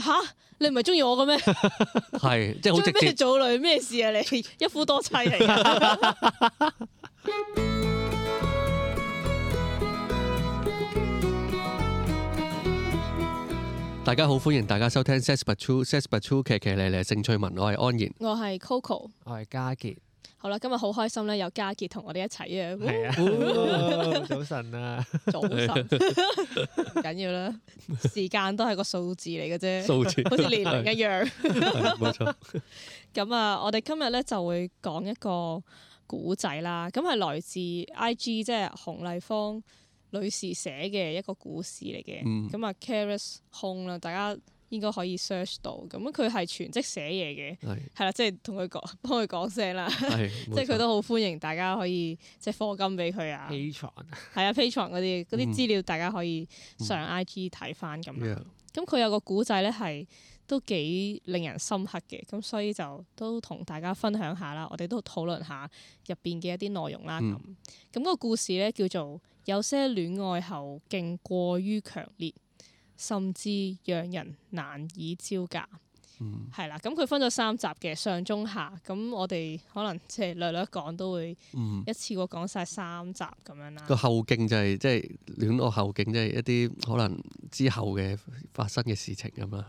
吓，你唔係中意我嘅咩？係 即係好直接。咩祖女咩事啊？你一夫多妻。嚟大家好，歡迎大家收聽 s 《s e s But True》，oo, 奇奇麗麗麗《Sex But True》奇嚟咧咧性趣文。我係安然，我係 Coco，我係嘉杰。好啦，今日好開心咧，有家傑同我哋一齊啊！係啊，哦哦、早晨啊，早晨，唔緊要啦，時間都係個數字嚟嘅啫，數字好似年齡一樣。冇錯。咁啊，我哋今日咧就會講一個古仔啦，咁係來自 I G 即係洪麗芳女士寫嘅一個故事嚟嘅。咁啊，Caris 控啦，大家。應該可以 search 到，咁佢係全職寫嘢嘅，係啦，即係同佢講，幫佢講聲啦，即係佢都好歡迎大家可以即係課金俾佢啊 Patreon 係啊 Patreon 嗰啲啲資料大家可以上 IG 睇翻咁樣，咁佢、嗯、有個古仔咧係都幾令人深刻嘅，咁所以就都同大家分享下啦，我哋都討論下入邊嘅一啲內容啦咁，咁嗰、嗯嗯、個故事咧叫做有些戀愛後勁過於強烈。甚至讓人難以招架，係啦、嗯。咁佢分咗三集嘅上、中、嗯、下、嗯。咁我哋可能即係略略講都會一次過講晒三集咁樣啦。個後勁就係即係戀愛後勁，即係一啲可能之後嘅發生嘅事情咁啦，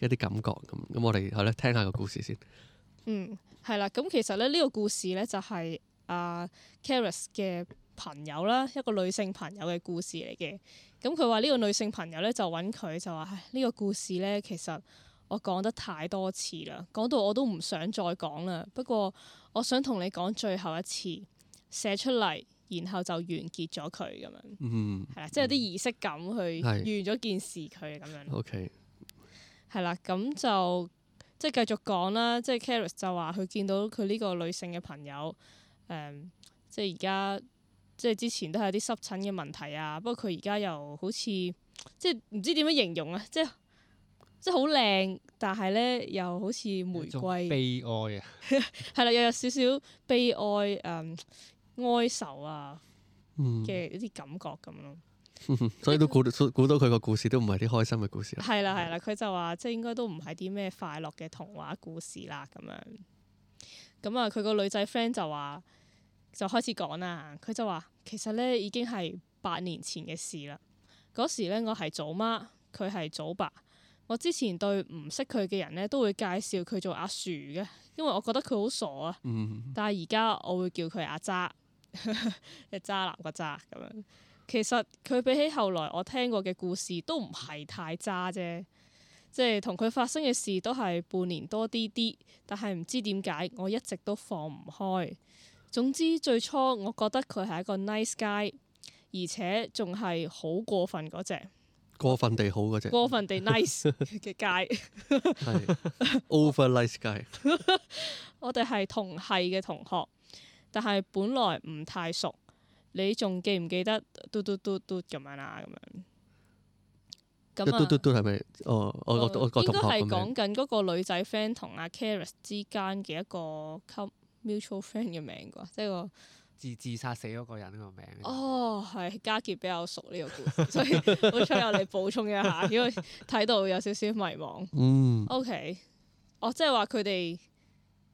一啲感覺咁。咁我哋好咧，聽下個故事先。嗯，係、嗯、啦。咁、嗯嗯、其實咧，呢個故事咧就係、是、啊、呃、Karis 嘅。朋友啦，一個女性朋友嘅故事嚟嘅。咁佢話呢個女性朋友呢，就揾佢，就話唉，呢個故事呢，其實我講得太多次啦，講到我都唔想再講啦。不過我想同你講最後一次，寫出嚟，然後就完結咗佢咁樣。嗯，係啦，即係有啲儀式感去完咗件事佢咁樣。O K，係啦，咁就即係繼續講啦。即係 Caris 就話佢見到佢呢個女性嘅朋友，嗯，即係而家。即係之前都係有啲濕疹嘅問題啊，不過佢而家又好似即係唔知點樣形容啊，即係即係好靚，但係咧又好似玫瑰悲哀啊，係啦 ，又有,有少少悲哀誒、嗯、哀愁啊嘅一啲感覺咁咯、嗯，所以都估估到佢個、欸、故事都唔係啲開心嘅故事啊，係啦係啦，佢就話即係應該都唔係啲咩快樂嘅童話故事啦咁樣，咁啊佢個女仔 friend 就話就開始講啦，佢就話。其實呢已經係八年前嘅事啦。嗰時呢，我係祖媽，佢係祖爸。我之前對唔識佢嘅人呢，都會介紹佢做阿薯嘅，因為我覺得佢好傻啊。但係而家我會叫佢阿渣，渣男個渣咁樣。其實佢比起後來我聽過嘅故事都唔係太渣啫，即係同佢發生嘅事都係半年多啲啲。但係唔知點解我一直都放唔開。總之最初我覺得佢係一個 nice guy，而且仲係好過分嗰隻，過分地好嗰、那、隻、個，過分地 nice 嘅 guy。係 over nice guy。我哋係同系嘅同學，但係本來唔太熟。你仲記唔記得嘟嘟嘟嘟咁樣呀？咁樣。咁嘟嘟嘟係咪？哦 ，我我我個同學咁樣、啊啊。應該係講緊嗰個女仔 friend 同阿 Caris 之間嘅一個吸。Mutual friend 嘅名啩，即係個自自殺死嗰個人個名。哦，係家傑比較熟呢個故事，所以好彩我哋補充一下，如果睇到有少少迷茫。嗯。O K，我即係話佢哋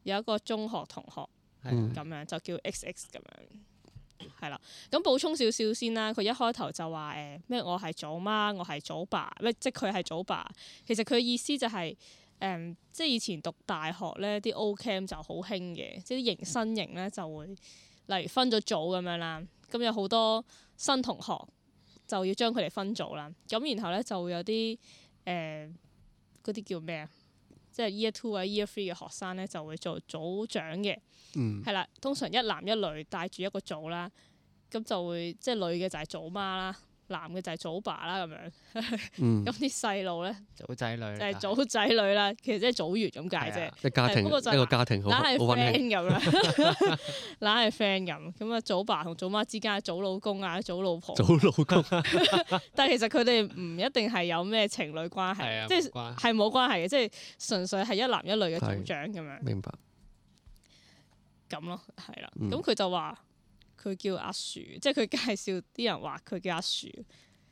有一個中學同學係咁、嗯、樣，就叫 X X 咁樣，係啦。咁補充少少先啦。佢一開頭就話誒咩，我係祖媽，我係祖爸，咩即係佢係祖爸。其實佢意思就係、是。誒，um, 即係以前讀大學咧，啲 O Camp 就好興嘅，即係啲迎新營咧就會，例如分咗組咁樣啦，咁有好多新同學就要將佢哋分組啦，咁然後咧就會有啲誒嗰啲叫咩啊？即係 Year Two 或者 Year Three 嘅學生咧就會做組長嘅，係啦、嗯，通常一男一女帶住一個組啦，咁就會即係女嘅就係組媽啦。男嘅就係祖爸啦咁樣，咁啲細路咧，祖仔女就係祖仔女啦，其實即係祖兒咁解啫。即個家庭，一個家庭，梗係 friend 咁啦，梗係 friend 咁。咁啊，祖爸同祖媽之間嘅祖老公啊，祖老婆，祖老公。但係其實佢哋唔一定係有咩情侶關係，即係係冇關係嘅，即係純粹係一男一女嘅長長咁樣。明白。咁咯，係啦，咁佢就話。佢叫阿薯，即係佢介紹啲人話佢叫阿薯，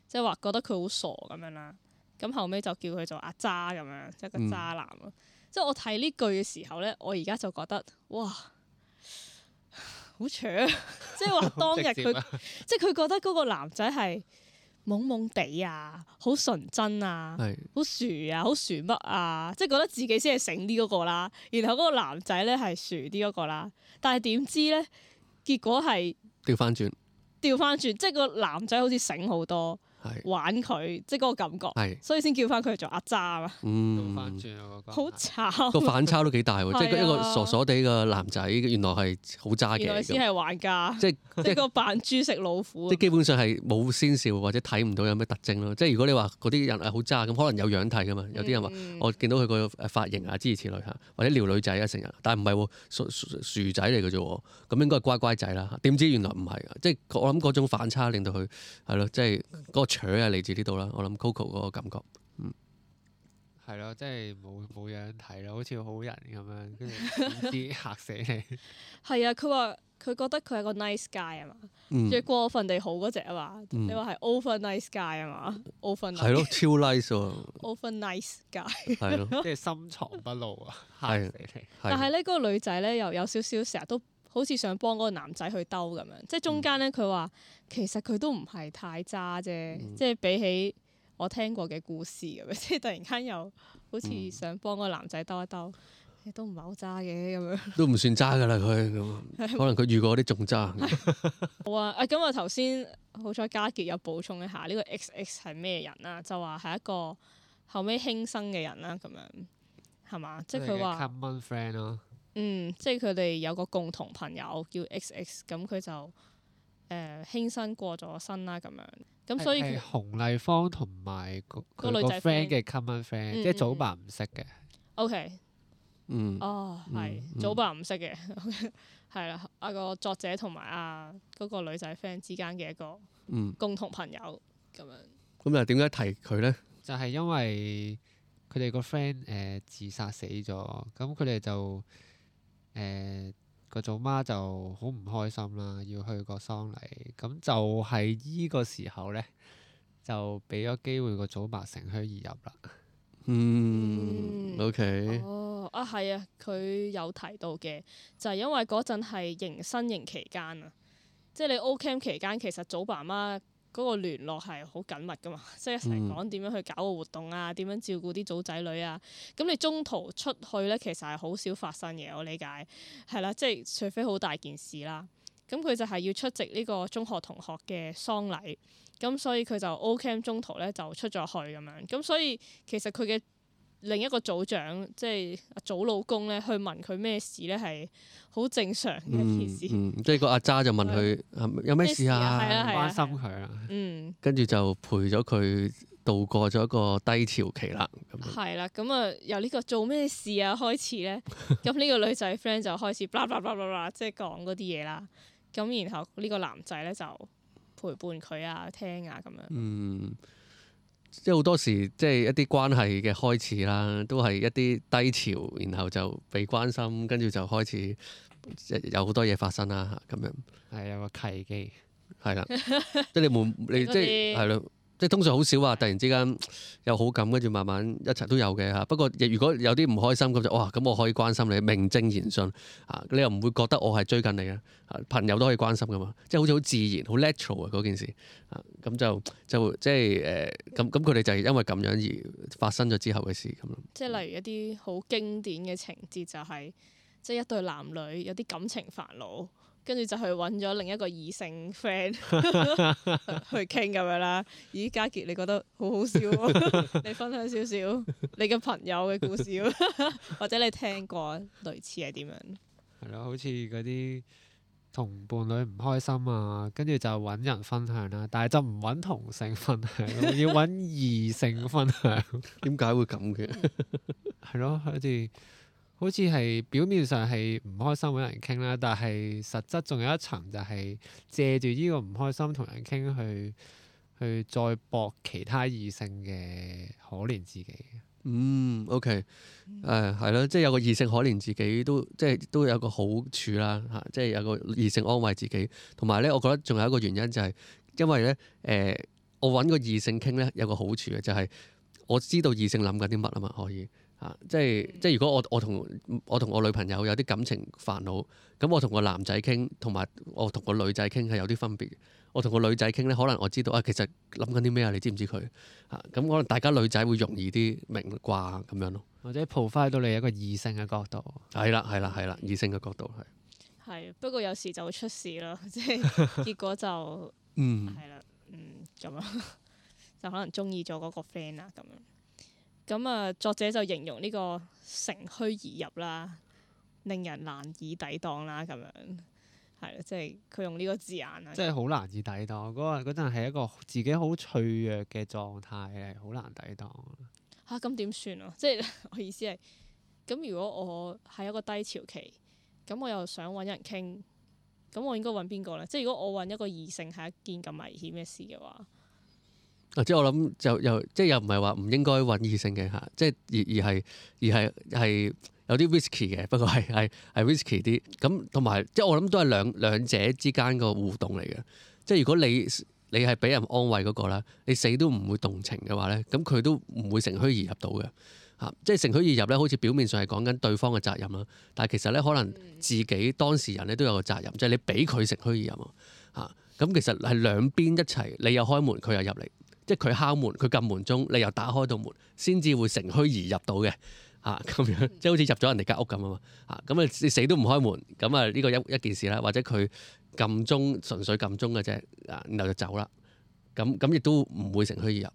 即係話覺得佢好傻咁樣啦。咁後尾就叫佢做阿渣咁樣，即係個渣男咯。嗯、即係我睇呢句嘅時候咧，我而家就覺得哇，好邪！即係話當日佢，即係佢覺得嗰個男仔係懵懵地啊，好純真啊，好薯啊，好薯乜啊，即係覺得自己先係醒啲嗰個啦。然後嗰個男仔咧係薯啲嗰個啦。但係點知咧，結果係。調翻轉，調翻轉，即係個男仔好似醒好多。玩佢，即係嗰個感覺，所以先叫翻佢做阿渣啦。嗯，好慘，個反差都幾大喎，即係一個傻傻地嘅男仔，原來係好渣嘅。原來先係玩家，即係即係個扮豬食老虎。即基本上係冇先兆，或者睇唔到有咩特徵咯。即係如果你話嗰啲人係好渣咁，可能有樣睇噶嘛。有啲人話我見到佢個誒髮型啊，之類似女嚇，或者撩女仔啊，成人，但係唔係喎，薯仔嚟嘅啫喎，咁應該係乖乖仔啦。點知原來唔係，即係我諗嗰種反差令到佢係咯，即係嗰佢啊嚟自呢度啦，我諗 Coco 嗰個感覺，嗯，係咯，即係冇冇樣睇咯，好似好人咁樣，跟住點知嚇死你？係啊，佢話佢覺得佢係個 nice guy 啊嘛，最過分地好嗰隻啊嘛，你話係 over nice guy 啊嘛，over 係咯，超 nice 喎，over nice guy 係咯，即係深藏不露啊，嚇死你！但係咧，嗰、嗰個女仔咧又有少少成日都。好似想幫嗰個男仔去兜咁樣，即係中間咧，佢話其實佢都唔係太渣啫，嗯、即係比起我聽過嘅故事咁樣，即係突然間又好似想幫嗰個男仔兜一兜，都唔係好渣嘅咁樣。都唔算渣噶啦，佢咁，可能佢遇過啲仲渣。好啊，咁我頭先好彩家傑有補充一下呢、呢個 X X 係咩人啦、啊，就話係一個後尾輕生嘅人啦，咁樣係嘛？即係佢話。嗯，即係佢哋有個共同朋友叫 X X，咁佢就誒輕生過咗身啦。咁樣咁所以洪麗芳同埋個女仔 friend 嘅 common friend，即係早伯唔識嘅。O K，嗯哦係早伯唔識嘅係啦。啊個作者同埋啊嗰個女仔 friend 之間嘅一個共同朋友咁、呃、樣咁又點解提佢咧？就係因為佢哋個 friend 誒自殺死咗，咁佢哋就。誒個、呃、祖媽就好唔開心啦，要去個喪禮，咁就係呢個時候呢，就俾咗機會個祖爸乘虛而入啦。嗯，OK。哦，啊係啊，佢有提到嘅，就係、是、因為嗰陣係迎新營期間啊，即係你 O Camp 期間，其實祖爸媽。嗰個聯絡係好緊密噶嘛，嗯、即係一齊講點樣去搞個活動啊，點樣照顧啲祖仔女啊。咁你中途出去咧，其實係好少發生嘅，我理解係啦。即係除非好大件事啦。咁佢就係要出席呢個中學同學嘅喪禮，咁所以佢就 O Camp 中途咧就出咗去咁樣。咁所以其實佢嘅另一個組長即係阿祖老公咧，去問佢咩事咧，係好正常嘅一件事。即係個阿渣就問佢有咩事啊，關心佢啊。嗯，跟住就陪咗佢度過咗一個低潮期啦。係啦，咁啊由呢個做咩事啊開始咧，咁呢個女仔 friend 就開始，啦啦啦啦啦，即係講嗰啲嘢啦。咁然後呢個男仔咧就陪伴佢啊，聽啊咁樣。嗯。即係好多時，即係一啲關係嘅開始啦，都係一啲低潮，然後就被關心，跟住就開始有好多嘢發生啦咁樣。係有個契機，係 啦，即係你冇你即係係咯。即係通常好少話，突然之間有好感，跟住慢慢一齊都有嘅嚇。不過，若如果有啲唔開心咁就，哇！咁我可以關心你，名正言順啊。你又唔會覺得我係追緊你啊？朋友都可以關心㗎嘛，即係好似好自然、好 natural 嗰件事咁、啊、就就即係誒咁咁，佢、呃、哋就係因為咁樣而發生咗之後嘅事咁咯。即係例如一啲好經典嘅情節、就係，就係即係一對男女有啲感情煩惱。跟住就去揾咗另一個異性 friend 去傾咁樣啦。咦，家傑，你覺得好好笑，喔、你分享少少你嘅朋友嘅故事 ，或者你聽過類似係點樣？係咯，好似嗰啲同伴侶唔開心啊，跟住就揾人分享啦，啊，但係就唔揾同性分享，要揾異性分享。點 解會咁嘅？係咯 ，好似。好似係表面上係唔開心揾人傾啦，但係實質仲有一層就係借住呢個唔開心同人傾去，去再搏其他異性嘅可憐自己。嗯，OK，誒係咯，即係有個異性可憐自己都即係都有個好處啦吓，即係有個異性安慰自己。同埋呢，我覺得仲有一個原因就係因為呢，誒、呃，我揾個異性傾呢，有個好處嘅就係我知道異性諗緊啲乜啊嘛可以。啊，即係即係，如果我我同我同我女朋友有啲感情煩惱，咁我同個男仔傾，同埋我同個女仔傾係有啲分別。我同個女仔傾咧，可能我知道啊、哎，其實諗緊啲咩啊？你知唔知佢啊？咁可能大家女仔會容易啲明啩咁樣咯。或者 provide 到你一個異性嘅角度。係啦，係啦，係啦，異性嘅角度係。係，不過有時就會出事咯，即係結果就 嗯係啦，嗯咁樣，就可能中意咗嗰個 friend 啊咁樣。咁啊，作者就形容呢個乘虛而入啦，令人難以抵擋啦，咁樣係即係佢用呢個字眼啊，即係好難以抵擋嗰、那個嗰陣係一個自己好脆弱嘅狀態，係好難抵擋嚇。咁點、啊、算啊？即係我意思係，咁如果我係一個低潮期，咁我又想揾人傾，咁我應該揾邊個咧？即係如果我揾一個異性係一件咁危險嘅事嘅話。即係我諗就又即係又唔係話唔應該揾異性嘅吓，即係而而係而係係有啲 risky 嘅，不過係係係 risky 啲咁，同埋即係我諗都係兩兩者之間個互動嚟嘅。即係如果你你係俾人安慰嗰、那個啦，你死都唔會動情嘅話呢，咁佢都唔會乘虛而入到嘅、啊。即係乘虛而入呢，好似表面上係講緊對方嘅責任啦，但係其實呢，可能自己當事人呢都有個責任，即係你俾佢乘虛而入啊。咁、啊、其實係兩邊一齊，你又開門，佢又入嚟。即係佢敲門，佢撳門鐘，你又打開到門，先至會乘虛而入到嘅嚇，咁樣，即係好似入咗人哋間屋咁啊嘛嚇，咁啊，你死都唔開門咁啊，呢個一一件事啦，或者佢撳鐘純粹撳鐘嘅啫啊，然後就走啦。咁咁亦都唔會乘虛而入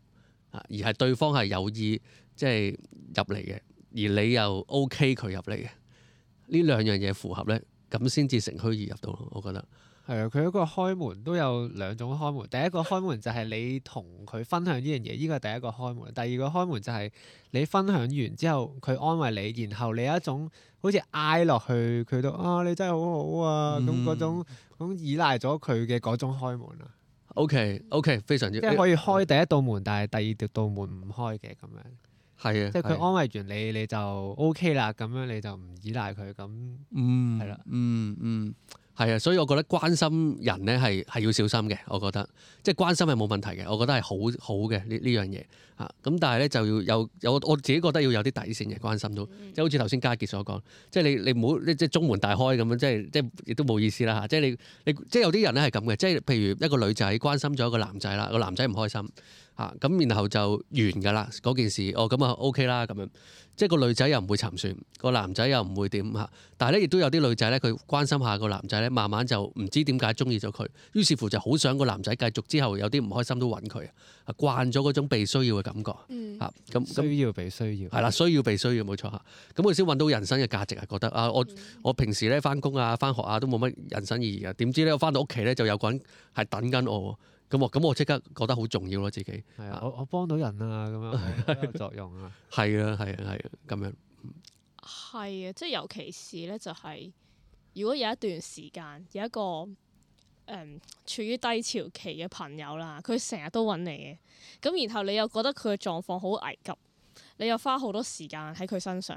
啊，而係對方係有意即係入嚟嘅，而你又 OK 佢入嚟嘅呢兩樣嘢符合咧，咁先至乘虛而入到，我覺得。係啊，佢一個開門都有兩種開門。第一個開門就係你同佢分享呢樣嘢，呢個係第一個開門。第二個開門就係你分享完之後，佢安慰你，然後你有一種好似挨落去，佢都啊你真係好好啊，咁嗰、嗯、種咁依賴咗佢嘅嗰種開門啊。O K O K，非常之好，即係可以開第一道門，嗯、但係第二道門唔開嘅咁樣。係啊，即係佢安慰完你，你就 O K 啦，咁樣你就唔依賴佢咁，嗯，係啦，嗯嗯。嗯嗯係啊，所以我覺得關心人咧係係要小心嘅，我覺得即係關心係冇問題嘅，我覺得係好好嘅呢呢樣嘢啊。咁但係咧就要有有我自己覺得要有啲底線嘅關心都，即係好似頭先家傑所講，即係你你唔好即係中門大開咁樣，即係即係亦都冇意思啦嚇。即係你你即係有啲人咧係咁嘅，即係譬如一個女仔關心咗一個男仔啦，個男仔唔開心。啊，咁然後就完㗎、哦 OK、啦，嗰件事哦，咁啊 O K 啦，咁樣，即係個女仔又唔會沉船，個男仔又唔會點嚇，但係咧亦都有啲女仔咧，佢關心下個男仔咧，慢慢就唔知點解中意咗佢，於是乎就好想個男仔繼續，之後有啲唔開心都揾佢，慣咗嗰種被需要嘅感覺、嗯、啊，咁需要被需要係啦，需要被需要冇錯嚇，咁佢先揾到人生嘅價值啊，覺得啊，我、嗯、我平時咧翻工啊、翻學啊都冇乜人生意義啊，點知咧我翻到屋企咧就有個人係等緊我。咁我咁我即刻覺得好重要咯，自己。係啊，啊嗯、我我幫到人 啊，咁樣作用啊。係啊，係啊，係啊，咁樣。係啊，即係尤其是咧、就係，就係如果有一段時間有一個誒、嗯、處於低潮期嘅朋友啦，佢成日都揾你嘅，咁然後你又覺得佢嘅狀況好危急，你又花好多時間喺佢身上。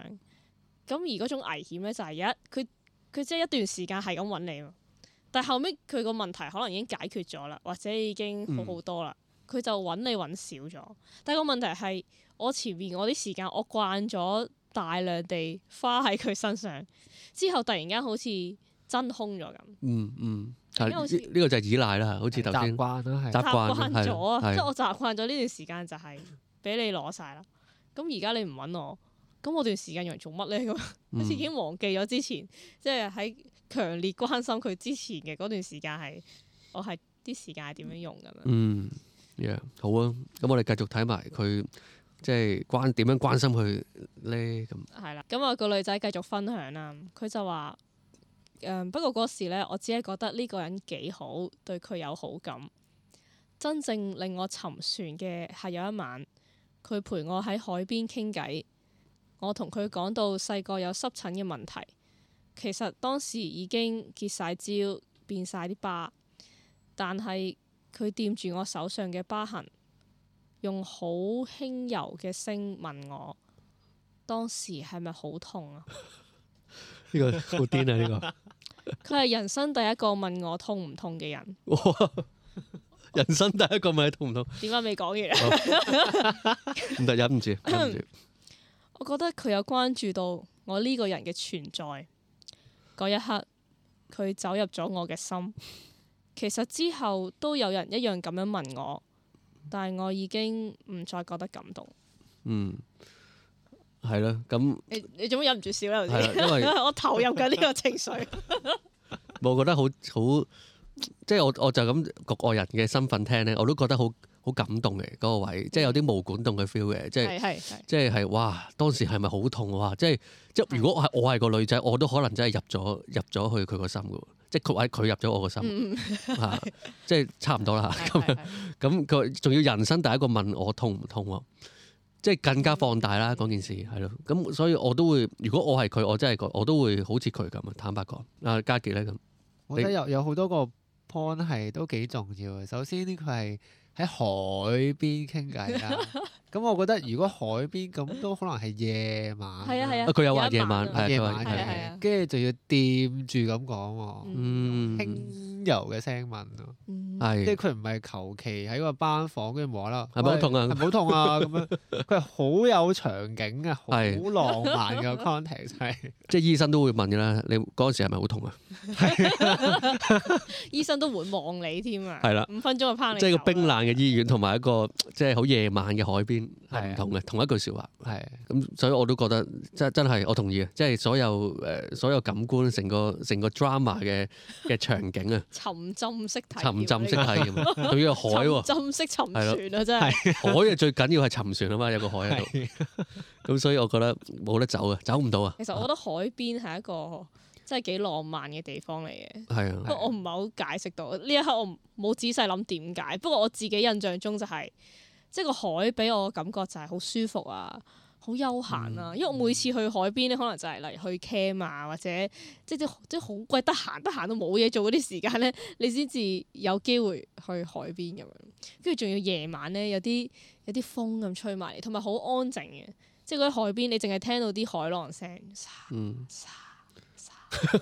咁而嗰種危險咧，就係一佢佢即係一段時間係咁揾你但後尾佢個問題可能已經解決咗啦，或者已經好好多啦。佢、嗯、就揾你揾少咗，但個問題係我前面我啲時間我慣咗大量地花喺佢身上，之後突然間好似真空咗咁、嗯。嗯嗯，因為呢、呢個就係依賴啦，好似頭先習慣都係習慣咗，即係我習慣咗呢段時間就係俾你攞晒啦。咁而家你唔揾我，咁我段時間用嚟做乜咧？咁好似已經忘記咗之前即係喺。強烈關心佢之前嘅嗰段時間係，我係啲時間係點樣用噶？嗯，嗯，好啊，咁我哋繼續睇埋佢即係關，點樣關心佢呢？咁。係啦，咁啊個女仔繼續分享啦，佢就話，嗯，不過嗰時呢，我只係覺得呢個人幾好，對佢有好感。真正令我沉船嘅係有一晚，佢陪我喺海邊傾偈，我同佢講到細個有濕疹嘅問題。其實當時已經結晒焦，變晒啲疤，但係佢掂住我手上嘅疤痕，用好輕柔嘅聲問我：當時係咪好痛啊？呢個好癲啊！呢個佢係人生第一個問我痛唔痛嘅人。哦，人生第一個問你痛唔痛？點解未講完？唔得，忍唔住，住 ，我覺得佢有關注到我呢個人嘅存在。嗰一刻，佢走入咗我嘅心。其實之後都有人一樣咁樣問我，但係我已經唔再覺得感動。嗯，係咯，咁你你做咩忍唔住笑咧？因為 我投入緊呢個情緒。我覺得好好，即係、就是、我我就咁局外人嘅身份聽咧，我都覺得好。好感動嘅嗰個位，即係有啲毛管動嘅 feel 嘅，即係即係係哇！當時係咪好痛哇、啊？即係即係如果係我係個女仔，我都可能真係入咗入咗去佢個心嘅喎，即係佢喺佢入咗我個心、嗯、即係差唔多啦。咁 樣咁佢仲要人生第一個問我痛唔痛喎、啊，即係更加放大啦嗰、嗯、件事係咯。咁所以我都會，如果我係佢，我真係覺我都會好似佢咁坦白講。阿、啊、家傑咧咁，我覺得有好多個 point 係都幾重要嘅。首先呢，佢係。喺海邊傾偈啊！咁我覺得，如果海邊咁都可能係夜晚，係啊係啊，佢有話夜晚，係夜晚，跟住仲要掂住咁講喎，輕柔嘅聲問咯，即係佢唔係求其喺個班房，跟住無啦啦，係咪好痛啊？好痛啊？咁樣，佢係好有場景啊，好浪漫嘅 context 係，即係醫生都會問嘅啦，你嗰陣時係咪好痛啊？係，醫生都會望你添啊，係啦，五分鐘嘅 pain 即係個冰冷嘅醫院同埋一個即係好夜晚嘅海邊。係唔同嘅，同一句說話，係咁，所以我都覺得真真係，我同意啊！即係所有誒，所有感官，成個成個 drama 嘅嘅場景啊，沉浸式睇，沉浸式睇，仲要係海喎，沉浸式沉船啊，真係海啊，最緊要係沉船啊嘛，有個海喺度，咁所以我覺得冇得走啊，走唔到啊。其實我覺得海邊係一個真係幾浪漫嘅地方嚟嘅。係啊，不過我唔係好解釋到呢一刻，我冇仔細諗點解。不過我自己印象中就係。即係個海俾我感覺就係好舒服啊，好悠閒啊，嗯、因為我每次去海邊咧，可能就係例如去 camp 啊，或者即係即係好鬼得閒得閒到冇嘢做嗰啲時間咧，你先至有機會去海邊咁樣，跟住仲要夜晚咧，有啲有啲風咁吹埋嚟，同埋好安靜嘅，即係嗰啲海邊你淨係聽到啲海浪聲，沙沙沙，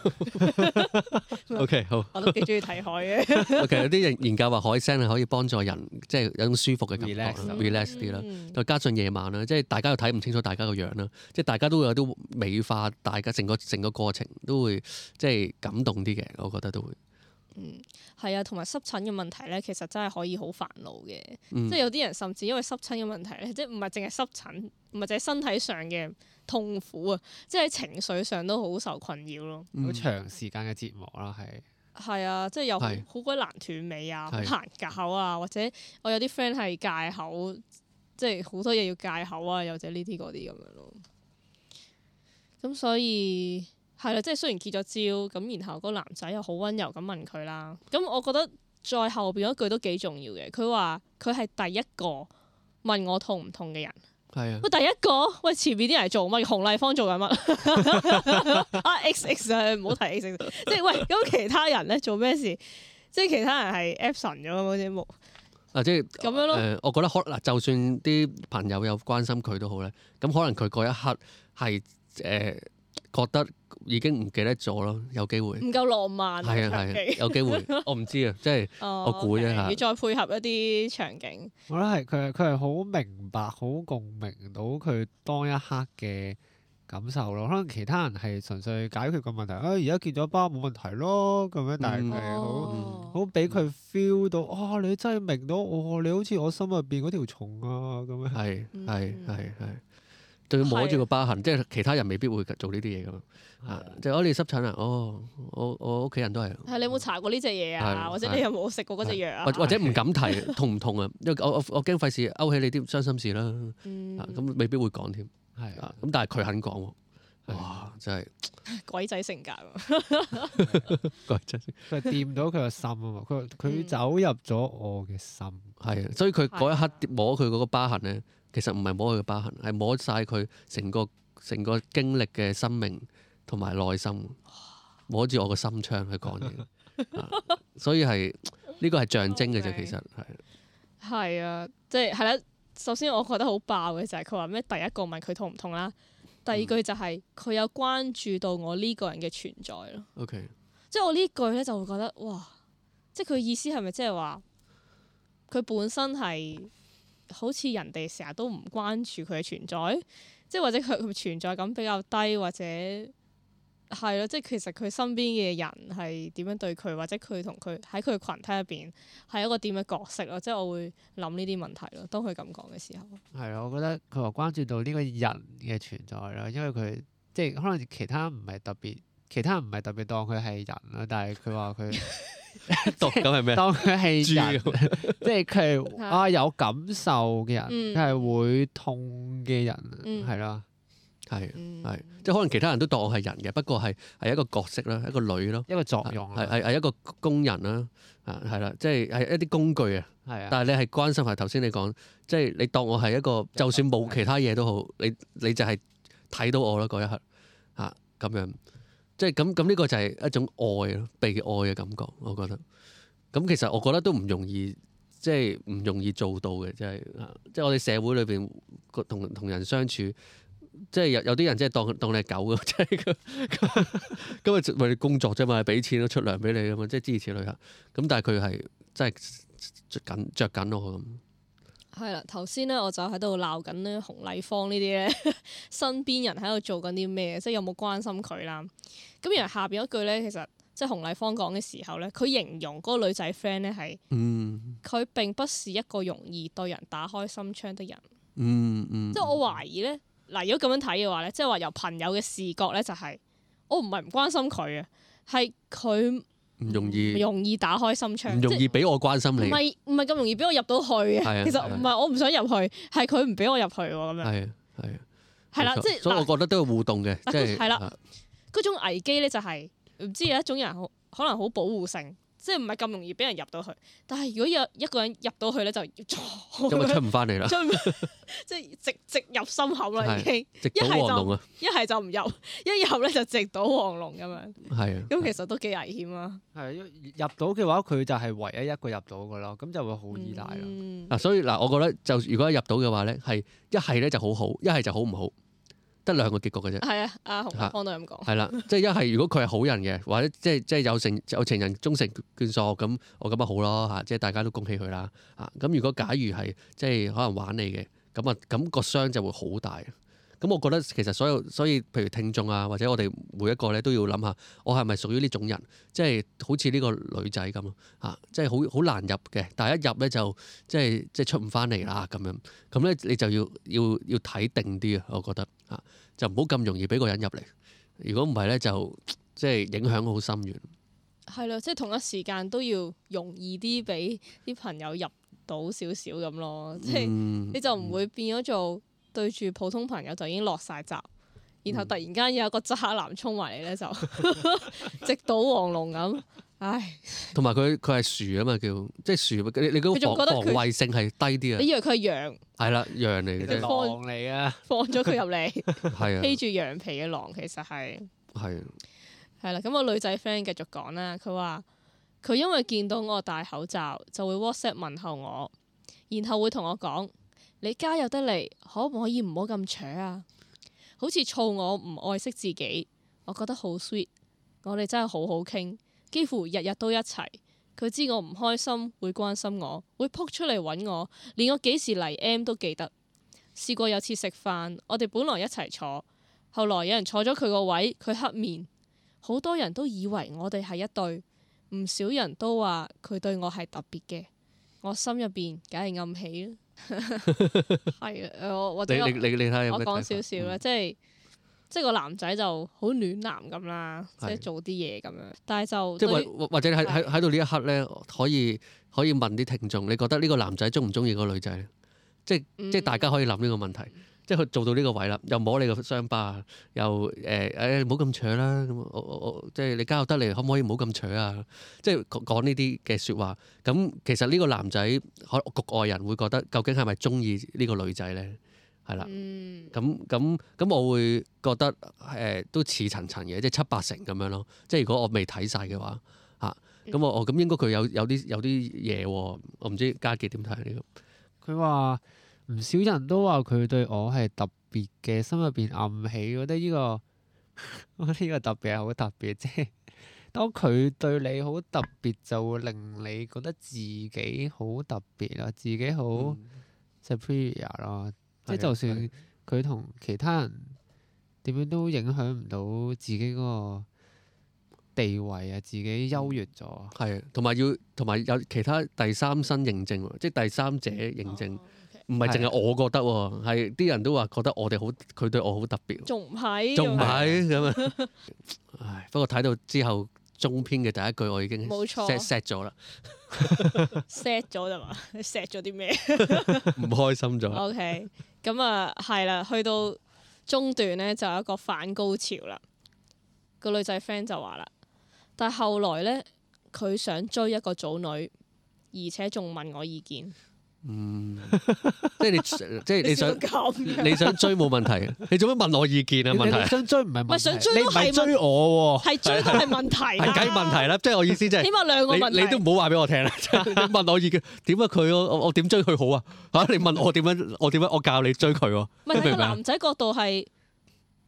OK，好，我都幾中意睇海嘅。O K，有啲研究話海聲係可以幫助人，即係有種舒服嘅感覺，relax 啲啦。再加上夜晚啦，即係大家又睇唔清楚大家個樣啦，即係大家都會有啲美化，大家成個成個過程都會即係感動啲嘅。我覺得都會。嗯，係啊，同埋濕疹嘅問題咧，其實真係可以好煩惱嘅。嗯、即係有啲人甚至因為濕疹嘅問題咧，即係唔係淨係濕疹，唔係淨係身體上嘅痛苦啊，即係喺情緒上都好受困擾咯。好長，嗯、長時間嘅折磨啦，係係啊，即係又好鬼難斷尾啊，好難搞啊，或者我有啲 friend 係戒口，即係好多嘢要戒口啊，又或者呢啲嗰啲咁樣咯。咁所以。係啦，即係雖然結咗招咁，然後嗰個男仔又好溫柔咁問佢啦。咁我覺得再後邊一句都幾重要嘅。佢話佢係第一個問我痛唔痛嘅人。係啊。喂，第一個，喂，前邊啲人係做乜？洪麗芳做緊乜？啊，X X 係唔好提 X 即係喂，咁其他人咧做咩事？即係其他人係 absent 咗，好似冇。嗱、啊，即係咁樣咯、呃。呃、我覺得可嗱，就算啲朋友有關心佢都好咧，咁可能佢嗰一刻係誒。呃覺得已經唔記得咗咯，有機會。唔夠浪漫、啊，係啊係，有機會。我唔知啊，即係、哦、我估啫下。你再配合一啲場景。我覺得係佢係佢係好明白、好共鳴到佢當一刻嘅感受咯。可能其他人係純粹解決個問題，啊而家見咗巴冇問題咯咁樣，嗯、但係好好俾佢 feel 到、嗯、啊！你真係明到我，你好似我心入邊嗰條蟲啊咁樣。係係係係。就要摸住個疤痕，即係其他人未必會做呢啲嘢噶嘛。即係我哋濕疹啊，哦，我我屋企人都係。係你有冇查過呢隻嘢啊？或者你有冇食過嗰隻藥啊？或者唔敢提痛唔痛啊？因為我我我驚費事勾起你啲傷心事啦。咁未必會講添。係咁但係佢肯講喎。哇！真係鬼仔性格。佢真係佢掂到佢個心啊嘛。佢佢走入咗我嘅心。係啊，所以佢嗰一刻摸佢嗰個疤痕咧。其實唔係摸佢嘅疤痕，係摸晒佢成個成個經歷嘅生命同埋內心，摸住我個心窗去講嘢 、啊，所以係呢個係象徵嘅啫。<Okay. S 1> 其實係係啊，即係係啦。首先我覺得好爆嘅就係佢話咩？第一個問佢痛唔痛啦、啊，第二句就係、是、佢、嗯、有關注到我呢個人嘅存在咯。OK，即係我呢句咧就會覺得哇！即係佢意思係咪即係話佢本身係？好似人哋成日都唔關注佢嘅存在，即係或者佢個存在感比較低，或者係咯，即係其實佢身邊嘅人係點樣對佢，或者佢同佢喺佢群體入邊係一個點嘅角色咯，即係我會諗呢啲問題咯。當佢咁講嘅時候，係咯，我覺得佢話關注到呢個人嘅存在咯，因為佢即係可能其他唔係特別，其他唔係特別當佢係人啦，但係佢話佢。讀咁係咩？當佢係人，即係佢啊有感受嘅人，係、嗯、會痛嘅人，係咯，係係，即係可能其他人都當我係人嘅，不過係係一個角色啦，一個女咯，一個作用，係係係一個工人啦，啊係啦，即係係一啲工具啊，係啊，但係你係關心埋，頭先你講即係你當我係一個，就算冇其他嘢都好，你你就係睇到我咯嗰一刻啊咁樣。即係咁，咁呢個就係一種愛咯，被愛嘅感覺，我覺得。咁其實我覺得都唔容易，即係唔容易做到嘅，即係即係我哋社會裏邊同同人相處，即係有有啲人即係當當你係狗嘅，即係 今日為你工作啫嘛，俾錢都出糧俾你咁嘛，即係支持旅行。咁但係佢係真係着緊着緊我咁。係啦，頭先咧我就喺度鬧緊咧洪麗芳呢啲咧，身邊人喺度做緊啲咩？即係有冇關心佢啦？咁然後下邊一句咧，其實即係洪麗芳講嘅時候咧，佢形容嗰個女仔 friend 咧係，佢、嗯、並不是一個容易對人打開心窗的人。嗯嗯即係我懷疑咧，嗱，如果咁樣睇嘅話咧，即係話由朋友嘅視覺咧、就是，就係我唔係唔關心佢啊，係佢。唔容易，唔容易打開心窗，唔容易俾我關心你，唔係唔係咁容易俾我入到去嘅。其實唔係我唔想入去，係佢唔俾我入去咁樣。係係係啦，即係所以，我覺得都要互動嘅。即係係啦，嗰種危機咧就係、係、唔知有一種人可能好保護性。即係唔係咁容易俾人入到去，但係如果有一個人入到去咧，就要出，就出唔翻嚟啦，即係直直入心口啦 已經，直到黃龍，一係就唔入，一入咧就直到黃龍咁樣，係啊，咁其實都幾危險啊！係啊，入到嘅話，佢就係唯一一個入到嘅咯，咁就會好依賴啦。嗱、嗯啊，所以嗱，我覺得就如果入到嘅話咧，係一係咧就好好，一係就好唔好。得兩個結局嘅啫，係啊，阿洪芳都係咁講，係啦，即係一係如果佢係好人嘅，或者即係即係有情有情人終成眷屬，咁我咁啊好咯，嚇，即係大家都恭喜佢啦，啊，咁如果假如係即係可能玩你嘅，咁啊咁個傷就會好大。咁我覺得其實所有所以，譬如聽眾啊，或者我哋每一個咧都要諗下，我係咪屬於呢種人？即係好似呢個女仔咁咯，啊，即係好好難入嘅，但係一入咧就即係即係出唔翻嚟啦咁樣。咁咧你就要要要睇定啲啊，我覺得啊，就唔好咁容易俾個人入嚟。如果唔係咧，就即係影響好深遠。係咯，即係同一時間都要容易啲俾啲朋友入到少少咁咯，嗯、即係你就唔會變咗做。對住普通朋友就已經落晒閘，然後突然間有一個渣男衝埋嚟咧，就 直搗黃龍咁，唉！同埋佢佢係薯啊嘛叫，即係薯，你你覺得防防衛性係低啲啊？你以為佢係羊？係啦，羊嚟嘅狼嚟嘅，放咗佢入嚟，披住 、啊、羊皮嘅狼其實係係係啦。咁、啊那個女仔 friend 繼續講啦，佢話佢因為見到我戴口罩，就會 WhatsApp 問候我，然後會同我講。你加入得嚟，可唔可以唔好咁扯啊？好似醋我唔愛惜自己，我覺得好 sweet。我哋真係好好傾，幾乎日日都一齊。佢知我唔開心，會關心我，會撲出嚟揾我，連我幾時嚟 M 都記得。試過有次食飯，我哋本來一齊坐，後來有人坐咗佢個位，佢黑面。好多人都以為我哋係一對，唔少人都話佢對我係特別嘅，我心入邊梗係暗喜係啊 ，或者我你你你睇我講少少啦，即係即係個男仔就好暖男咁啦，即係做啲嘢咁樣。但係就即係或，或者喺喺喺到呢一刻咧，可以可以問啲聽眾，你覺得呢個男仔中唔中意嗰個女仔咧？即係即係大家可以諗呢個問題。嗯即係佢做到呢個位啦，又摸你個傷疤，又誒誒，唔好咁扯啦。咁即係你交流得嚟，可唔可以唔好咁扯啊？即係講呢啲嘅説話。咁其實呢個男仔，可能局外人會覺得究竟係咪中意呢個女仔咧？係啦。咁咁咁，我會覺得誒、欸、都似層層嘅，即係七八成咁樣咯。即係如果我未睇晒嘅話，嚇咁我咁應該佢有有啲有啲嘢，啊，我唔知家傑點睇呢個。佢話。唔少人都話佢對我係特別嘅，心入面暗喜，我覺得呢、呢個我呢個特別係好特別，即 係當佢對你好特別，就會令你覺得自己好特別啦，自己好 superior 咯，嗯、即係就算佢同其他人點樣都影響唔到自己嗰個地位啊，自己優越咗係，同埋要同埋有其他第三身認證，即係第三者認證。哦唔係淨係我覺得，係啲、啊、人都話覺得我哋好，佢對我好特別。仲唔係？仲唔係咁啊？唉，不過睇到之後中篇嘅第一句，我已經冇錯 set set 咗啦，set 咗咋嘛？set 咗啲咩？唔 開心咗。O K，咁啊係啦、啊，去到中段咧就有一個反高潮啦。個女仔 friend 就話啦，但係後來咧，佢想追一個祖女，而且仲問我意見。嗯，即係你，即係你想，你想，你想追冇問題。你做乜問我意見啊？問題想追唔係問題，想追係追我，係追都係問題。係梗係問題啦、啊，即係 我意思即、就、係、是、起碼兩個問你，你都唔好話俾我聽、啊、啦。你問我意見，點解佢我我點追佢好啊？吓 你問我點樣，我點樣我教你追佢、啊？唔係 個男仔角度係。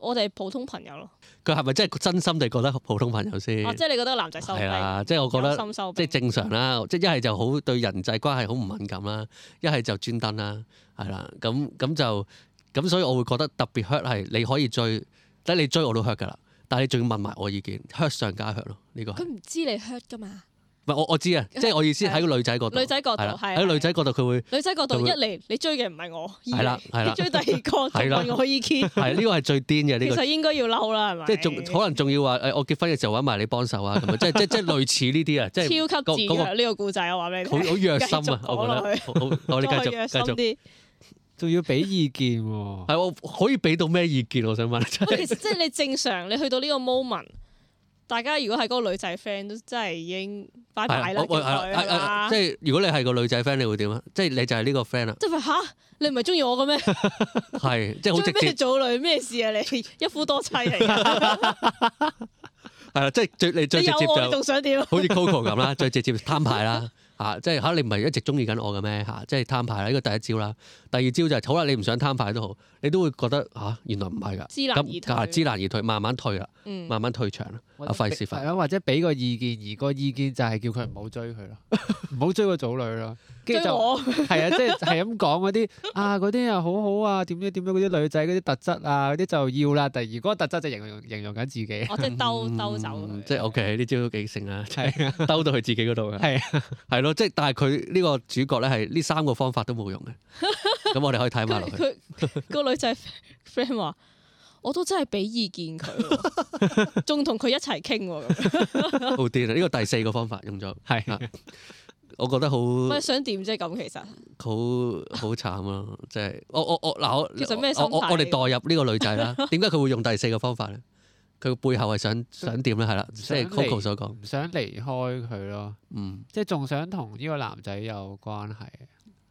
我哋普通朋友咯，佢係咪真係真心地覺得普通朋友先？哦、啊，即係你覺得男仔收兵，係啦，即係我覺得即係正常啦。即係一係就好對人際關係好唔敏感啦，一係就專登啦，係啦、啊。咁咁就咁，所以我會覺得特別 hurt 係你可以追得你追我都 hurt 噶啦，但係你仲要問埋我意見，hurt 上加 hurt 咯，呢、這個。佢唔知你 hurt 噶嘛？我我知啊，即係我意思喺個女仔角度，女仔角度喺女仔角度佢會女仔角度一嚟，你追嘅唔係我，二嚟你追第二個仲問我意見，係呢個係最癲嘅呢個。其實應該要嬲啦，係咪？即係仲可能仲要話誒，我結婚嘅時候搵埋你幫手啊，咁啊，即係即係即係類似呢啲啊，即係超級賤呢個故仔，我話俾你好好虐心啊，我覺得。好，我哋繼續繼續。仲要俾意見喎？係，我可以俾到咩意見？我想問。其實即係你正常，你去到呢個 moment。大家如果係嗰個女仔 friend 都真係已經拜拜啦，即係如果你係個女仔 friend 你會點啊？即係你就係呢個 friend 啦。即係吓，你唔係中意我嘅咩？係，即係好直接。做女咩事啊？你一夫多妻嚟、啊、噶。係 啦 ，即係你最直接仲想點？好似 Coco 咁啦，最直接攤牌啦。吓，即係吓，你唔係一直中意緊我嘅咩？吓、啊，即係攤牌啦，呢個第一招啦。第二招就係好啦，你唔想攤牌都好，你都會覺得嚇原來唔係㗎，知難而退，慢慢退啦，慢慢退場啦。阿費師傅，啊，或者俾個意見，而個意見就係叫佢唔好追佢咯，唔好追個組女咯，跟住就係啊，即係係咁講嗰啲啊，嗰啲又好好啊，點樣點樣嗰啲女仔嗰啲特質啊，嗰啲就要啦。第二個特質就形容形容緊自己，即係兜兜走，即係 OK，呢招都幾性啦，兜到去自己嗰度嘅係係咯，即係但係佢呢個主角咧係呢三個方法都冇用嘅。咁我哋可以睇返落去。佢個女仔 friend 話：我都真係俾意見佢，仲同佢一齊傾。好癲啊！呢個第四個方法用咗，係，我覺得好。咪想點啫？咁其實好好慘咯，即係我我我嗱我。其實咩我我我哋代入呢個女仔啦。點解佢會用第四個方法咧？佢背後係想想點咧？係啦，即係 Coco 所講，唔想離開佢咯。嗯，即係仲想同呢個男仔有關係。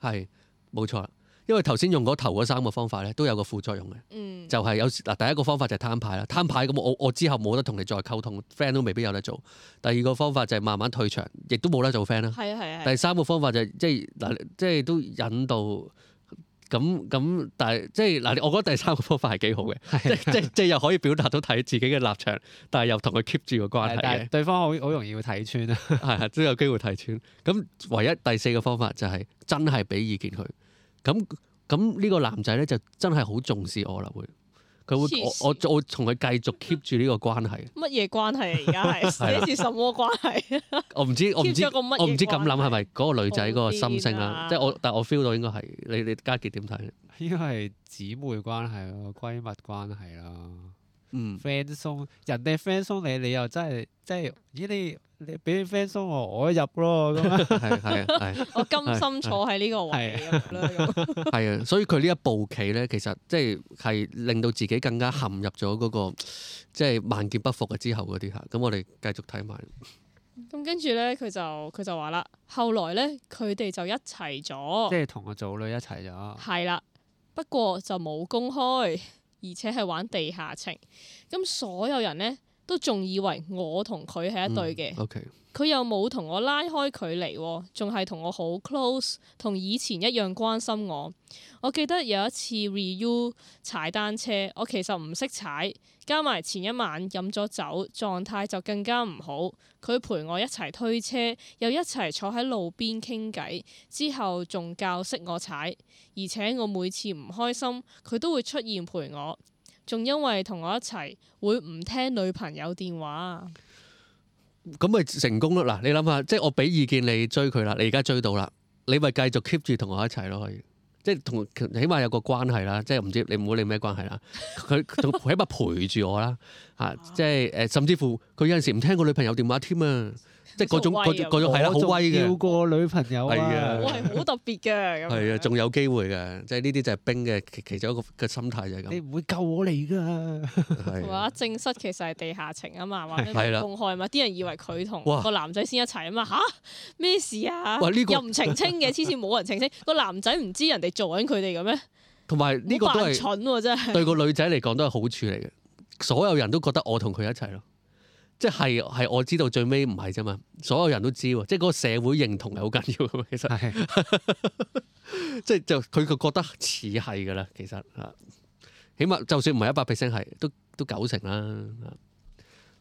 係，冇錯。因為頭先用嗰頭嗰三個方法咧，都有個副作用嘅，嗯，就係有嗱，第一個方法就係攤牌啦，攤牌咁我我之後冇得同你再溝通，friend 都未必有得做。第二個方法就係慢慢退場，亦都冇得做 friend 啦。是是是是第三個方法就係即係嗱，即係都引導咁咁，但係即係嗱，我覺得第三個方法係幾好嘅，即即即，即又可以表達到睇自己嘅立場，但係又同佢 keep 住個關係嘅。對方好好容易會睇穿啊，係 都有機會睇穿。咁唯一第四個方法就係真係俾意見佢。咁咁呢個男仔咧就真係好重視我啦，會佢會我我我同佢繼續 keep 住呢個關係。乜嘢關係而、啊、家 係寫、啊、住什麼關係？我唔知我唔知我唔知，咁諗係咪嗰個女仔嗰個心聲啊？即係我但係我 feel 到應該係你，你家傑點睇？應該係姊妹關係咯，閨蜜關係咯，嗯 friendzone 人哋 friendzone 你，你又真係即係咦你？俾啲 fans 我，我入咯咁。係係係。我甘心坐喺呢個位入啊 ，所以佢呢一步棋咧，其實即係係令到自己更加陷入咗嗰、那個即係、就是、萬劫不復嘅之後嗰啲吓。咁我哋繼續睇埋。咁跟住咧，佢就佢就話啦，後來咧，佢哋就一齊咗。即係同我做女一齊咗。係 啦，不過就冇公開，而且係玩地下情。咁所有人咧，都仲以為我同佢係一對嘅，佢、嗯 okay。又冇同我拉開距離，仲係同我好 close，同以前一樣關心我。我記得有一次 Ryu 踩單車，我其實唔識踩，加埋前一晚飲咗酒，狀態就更加唔好。佢陪我一齊推車，又一齊坐喺路邊傾偈，之後仲教識我踩。而且我每次唔開心，佢都會出現陪我。仲因為同我一齊會唔聽女朋友電話啊？咁咪成功咯嗱！你諗下，即係我俾意見你追佢啦，你而家追到啦，你咪繼續 keep 住同我一齊咯，可以即係同起碼有個關係啦，即係唔知你唔好理咩關係啦，佢同 起碼陪住我啦，啊，即係誒，甚至乎佢有陣時唔聽個女朋友電話添啊！即係嗰種嗰種係啦，好威嘅，要過女朋友啊，我係好特別嘅。係啊，仲有機會嘅，即係呢啲就係兵嘅其中一個嘅心態就係咁。你唔會救我嚟㗎？話正室其實係地下情啊嘛，或者話共害嘛，啲人以為佢同個男仔先一齊啊嘛。吓？咩事啊？呢個又唔澄清嘅，黐線冇人澄清。個男仔唔知人哋做緊佢哋嘅咩？同埋呢個都係蠢，真係，對個女仔嚟講都係好處嚟嘅。所有人都覺得我同佢一齊咯。即係係我知道最尾唔係啫嘛，所有人都知喎，即係嗰個社會認同係好緊要㗎嘛。其實，即係就佢個覺得似係噶啦，其實啊，起碼就算唔係一百 percent 係，都都九成啦。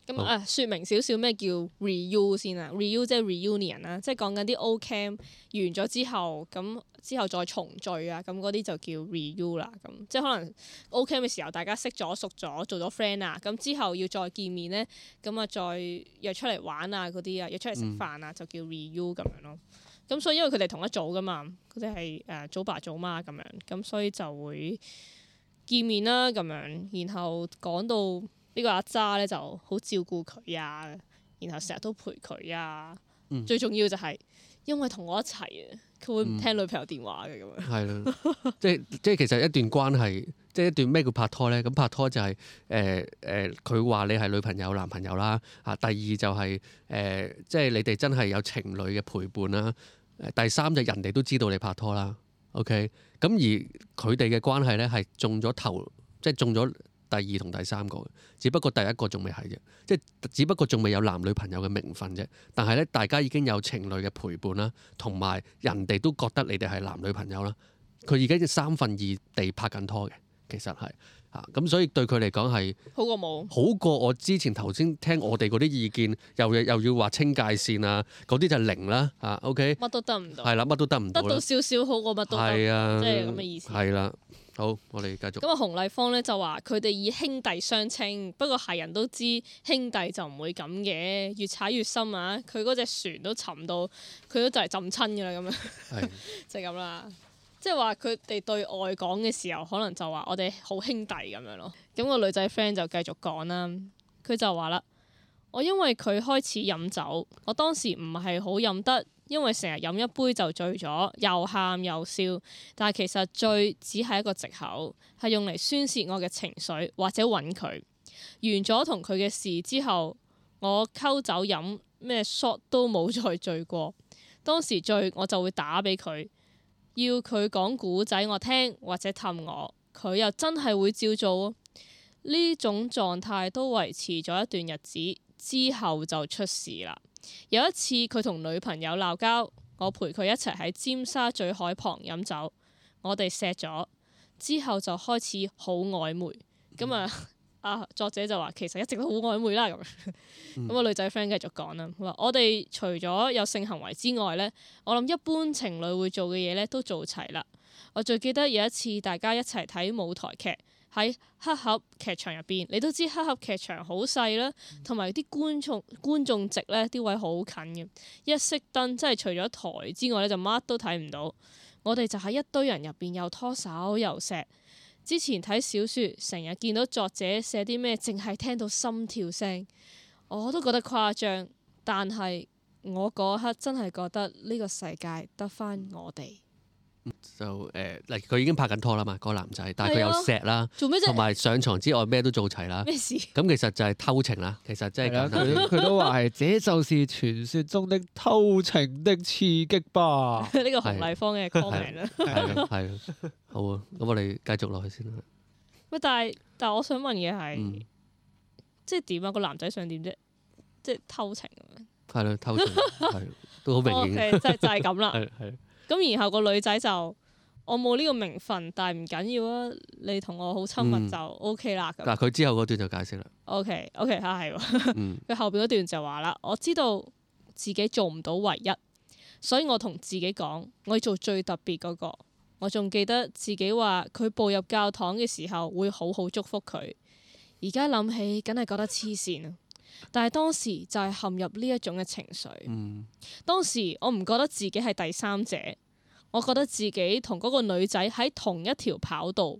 咁、嗯、啊，説明少少咩叫 r e u 先啊 r e u 即係 reunion 啦，即係講緊啲 Ocam 完咗之後，咁之後再重聚啊，咁嗰啲就叫 reun 啦，咁即係可能 Ocam 嘅時候大家識咗熟咗，做咗 friend 啊，咁之後要再見面咧，咁啊再約出嚟玩啊嗰啲啊，約出嚟食飯啊，嗯、就叫 r e u 咁樣咯。咁所以因為佢哋同一組噶嘛，佢哋係誒早爸早媽咁樣，咁所以就會見面啦咁樣，然後講到。呢個阿渣咧就好照顧佢啊，然後成日都陪佢啊。嗯、最重要就係因為同我一齊啊，佢會唔聽女朋友電話嘅咁樣。係咯、嗯 ，即係即係其實一段關係，即係一段咩叫拍拖咧？咁拍拖就係誒誒，佢、呃、話、呃、你係女朋友男朋友啦。啊，第二就係、是、誒、呃，即係你哋真係有情侶嘅陪伴啦。誒，第三就人哋都知道你拍拖啦。OK，咁而佢哋嘅關係咧係中咗頭，即係中咗。第二同第三個，只不過第一個仲未係啫，即係只不過仲未有男女朋友嘅名分啫。但係咧，大家已經有情侶嘅陪伴啦，同埋人哋都覺得你哋係男女朋友啦。佢而家三分二地拍緊拖嘅，其實係啊咁，所以對佢嚟講係好過冇，好過我之前頭先聽我哋嗰啲意見，又又要話清界線啊，嗰啲就零啦嚇。O K，乜都得唔到，係啦，乜都得唔到，得到少少好過乜都得，啊、即係咁嘅意思。係啦。好，我哋繼續。咁啊，洪麗芳咧就話佢哋以兄弟相稱，不過係人都知兄弟就唔會咁嘅，越踩越深啊！佢嗰隻船都沉到，佢都就嚟浸親㗎喇，咁樣就係咁啦。即係話佢哋對外講嘅時候，可能就話我哋好兄弟咁樣咯。咁、個女仔 friend 就繼續講啦，佢就話啦，我因為佢開始飲酒，我當時唔係好飲得。因為成日飲一杯就醉咗，又喊又笑，但係其實醉只係一個藉口，係用嚟宣洩我嘅情緒或者揾佢。完咗同佢嘅事之後，我溝酒飲咩 shot 都冇再醉過。當時醉我就會打俾佢，要佢講故仔我聽或者氹我，佢又真係會照做。呢種狀態都維持咗一段日子，之後就出事啦。有一次佢同女朋友鬧交，我陪佢一齊喺尖沙咀海旁飲酒，我哋錫咗之後就開始好曖昧咁啊。啊、嗯，嗯、作者就話其實一直都好曖昧啦咁。咁、嗯、啊，女仔 friend 繼續講啦，話我哋除咗有性行為之外呢，我諗一般情侶會做嘅嘢呢都做齊啦。我最記得有一次大家一齊睇舞台劇。喺黑盒劇場入邊，你都知黑盒劇場好細啦，同埋啲觀眾觀眾席呢啲位好近嘅，一熄燈真係除咗台之外咧就乜都睇唔到。我哋就喺一堆人入邊又拖手又錫。之前睇小説成日見到作者寫啲咩，淨係聽到心跳聲，我都覺得誇張。但係我嗰刻真係覺得呢個世界得翻我哋。就誒嗱，佢、呃、已經拍緊拖啦嘛，個男仔，但係佢有錫啦，同埋、啊、上床之外咩都做齊啦。咩事？咁其實就係偷情啦，其實真係佢都話係，這就是傳說中的偷情的刺激吧。呢個洪麗芳嘅歌名啦。係、啊，係、啊啊啊，好啊，咁我哋繼續落去先啦。喂，但係但係，我想問嘅係、嗯，即係點啊？個男仔想點啫？即係偷情。係咯 、啊，偷情，啊、都好明顯。okay, 就係就係咁啦。咁然後個女仔就我冇呢個名分，但係唔緊要啊。你同我好親密就 O K 啦。嗱、嗯，佢之後嗰段就解釋啦。O K O K，吓係喎。佢、嗯、後邊嗰段就話啦，我知道自己做唔到唯一，所以我同自己講我要做最特別嗰個。我仲記得自己話佢步入教堂嘅時候會好好祝福佢。而家諗起，梗係覺得黐線啦。但係當時就係陷入呢一種嘅情緒。當時我唔覺得自己係第三者，我覺得自己同嗰個女仔喺同一條跑道，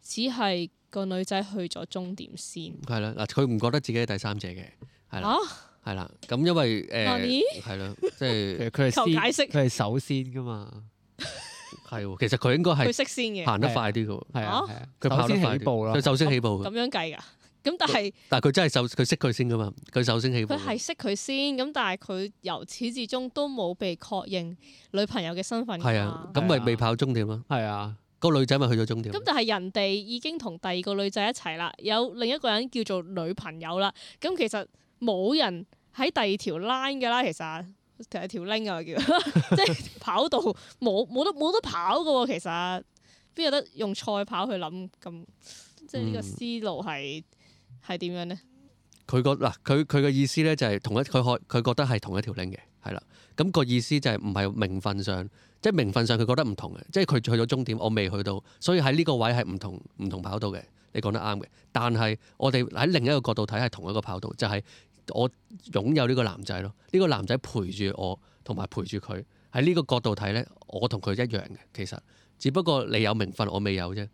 只係個女仔去咗終點先。係啦，嗱，佢唔覺得自己係第三者嘅，係啦，係啦。咁因為誒，係啦，即係佢係先，佢係首先噶嘛。係，其實佢應該係佢識先嘅，行得快啲嘅。係啊，佢跑得快啲，佢就識起步，咁樣計㗎？咁但係，但係佢真係受佢識佢先㗎嘛？佢首先起碼，佢係識佢先。咁但係佢由始至終都冇被確認女朋友嘅身份。係啊，咁咪未跑終點咯。係啊，啊個女仔咪去咗終點。咁但係人哋已經同第二個女仔一齊啦，有另一個人叫做女朋友啦。咁其實冇人喺第二條 line 㗎啦。其實係條 link 啊，叫即係跑到冇冇得冇得跑㗎喎。其實邊有得用賽跑去諗咁？即係呢個思路係。嗯係點樣呢？佢個嗱，佢佢嘅意思呢，就係、是、同一，佢可佢覺得係同一條鈴嘅，係啦。咁、那個意思就係唔係名分上，即、就、係、是、名分上佢覺得唔同嘅，即係佢去咗終點，我未去到，所以喺呢個位係唔同唔同跑道嘅。你講得啱嘅，但係我哋喺另一個角度睇係同一個跑道，就係、是、我擁有呢個男仔咯，呢、這個男仔陪住我同埋陪住佢。喺呢個角度睇呢，我同佢一樣嘅，其實只不過你有名分，我未有啫。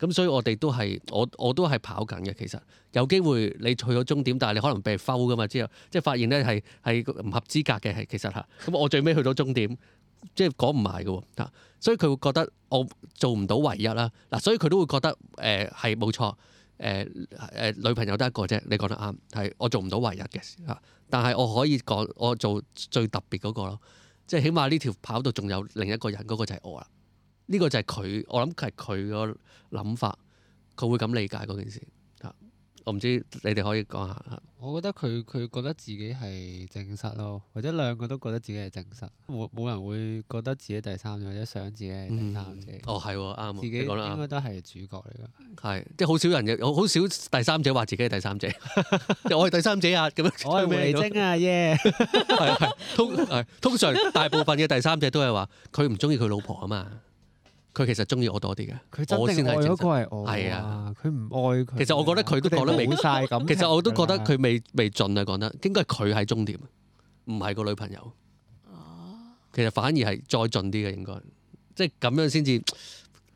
咁所以我哋都係我我都係跑緊嘅，其實有機會你去到終點，但係你可能被 foul 㗎嘛，之後，即係發現咧係係唔合資格嘅，係其實吓，咁我最尾去到終點，即係講唔埋嘅喎。所以佢會覺得我做唔到唯一啦。嗱，所以佢都會覺得誒係冇錯，誒、呃、誒、呃、女朋友得一個啫。你講得啱，係我做唔到唯一嘅吓，但係我可以講我做最特別嗰、那個咯，即、就、係、是、起碼呢條跑道仲有另一個人，嗰、那個就係我啦。呢個就係佢，我諗係佢個諗法，佢會咁理解嗰件事。啊，我唔知你哋可以講下。我覺得佢佢覺得自己係正室咯，或者兩個都覺得自己係正室，冇冇人會覺得自己第三者，或者想自己係第三者。嗯、哦，係啱。自己講啦，覺得應該都係主角嚟㗎。係，即係好少人有好少第三者話自己係第三者。我係第三者啊，咁樣。Magazine>、我係狐狸精啊，耶！係係，通常大部分嘅第三者都係話佢唔中意佢老婆啊嘛。佢其實中意我多啲嘅，我先睇嗰個係我。係啊，佢唔愛佢。其實我覺得佢都覺得未曬咁。其實我都覺得佢未未盡啊，講得應該係佢係終點，唔係個女朋友。其實反而係再盡啲嘅應該，即係咁樣先至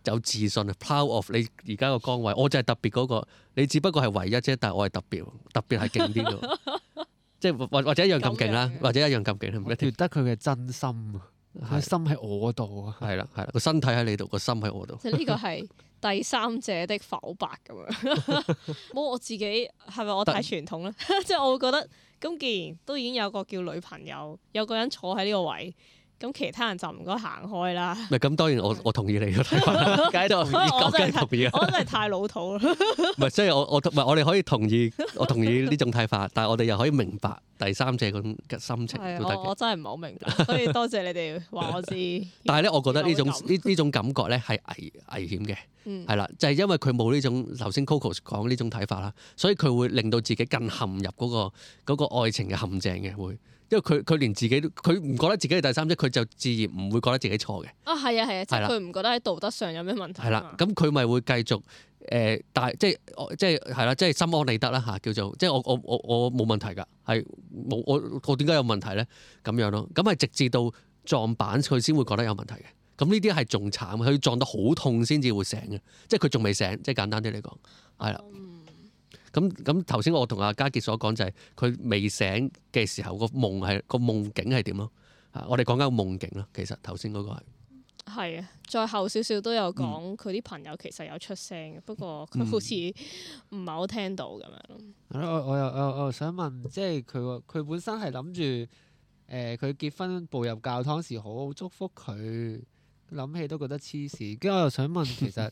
有自信。Power of 你而家個崗位，我就係特別嗰個，你只不過係唯一啫，但係我係特別，特別係勁啲嘅。即係或者一樣咁勁啦，或者一樣咁勁係咪？得佢嘅真心個心喺我度啊，係啦，係啦，個身體喺你度，心個心喺我度。即係呢個係第三者的剖白咁樣。冇，我自己係咪我太傳統咧？<但 S 1> 即係我會覺得，咁既然都已經有個叫女朋友，有個人坐喺呢個位。咁其他人就唔該行開啦。唔係咁，當然我我同意你個睇法，解釋我唔可以講，我真係同意。我真係太，太老土啦。唔 係，所以我我唔係我哋可以同意，我同意呢種睇法，但係我哋又可以明白第三者嗰種心情我。我真係唔係好明白，所以多謝，謝你哋話我知。但係咧，我覺得呢種呢呢 種感覺咧係危危險嘅，係啦、嗯，就係、係、因為佢冇呢種頭先 Coco 講呢種睇法啦，所以佢會令到自己更陷入嗰、嗰個嗰、嗰個愛情嘅陷阱嘅會。因為佢佢連自己都，佢唔覺得自己係第三者，佢就自然唔會覺得自己錯嘅。啊，係啊係啊，即係佢唔覺得喺道德上有咩問題。係啦，咁佢咪會繼續誒，但係即係即係係啦，即係心安理得啦吓，啊，叫做即係我我我我冇問題噶，係冇我我點解有問題咧？咁樣咯，咁係直至到撞板佢先會覺得有問題嘅。咁呢啲係仲慘，佢撞得好痛先至會醒嘅，即係佢仲未醒，即係簡單啲嚟講，係啦。咁咁，頭先我同阿嘉傑所講就係佢未醒嘅時候，個夢係個夢境係點咯？啊，我哋講緊個夢境咯。其實頭先嗰個係係啊，再後少少都有講佢啲朋友其實有出聲，不過佢好似唔係好聽到咁樣。我我又我又想問，即係佢佢本身係諗住誒佢結婚步入教堂時，好好祝福佢，諗起都覺得黐線。跟住我又想問，其實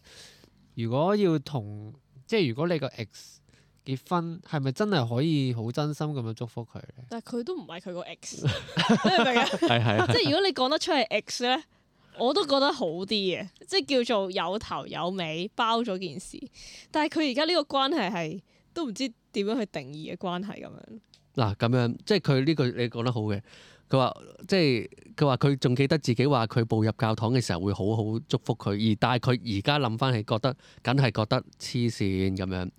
如果要同 即係如果你個 ex 結婚係咪真係可以好真心咁樣祝福佢咧？但係佢都唔係佢個 x 明唔明啊？係係，即係如果你講得出係 x 咧，我都覺得好啲嘅，即係叫做有頭有尾，包咗件事。但係佢而家呢個關係係都唔知點樣去定義嘅關係咁樣嗱。咁樣即係佢呢句你講得好嘅，佢話即係佢話佢仲記得自己話佢步入教堂嘅時候會好好祝福佢，而但係佢而家諗翻起覺得梗係覺得黐線咁樣。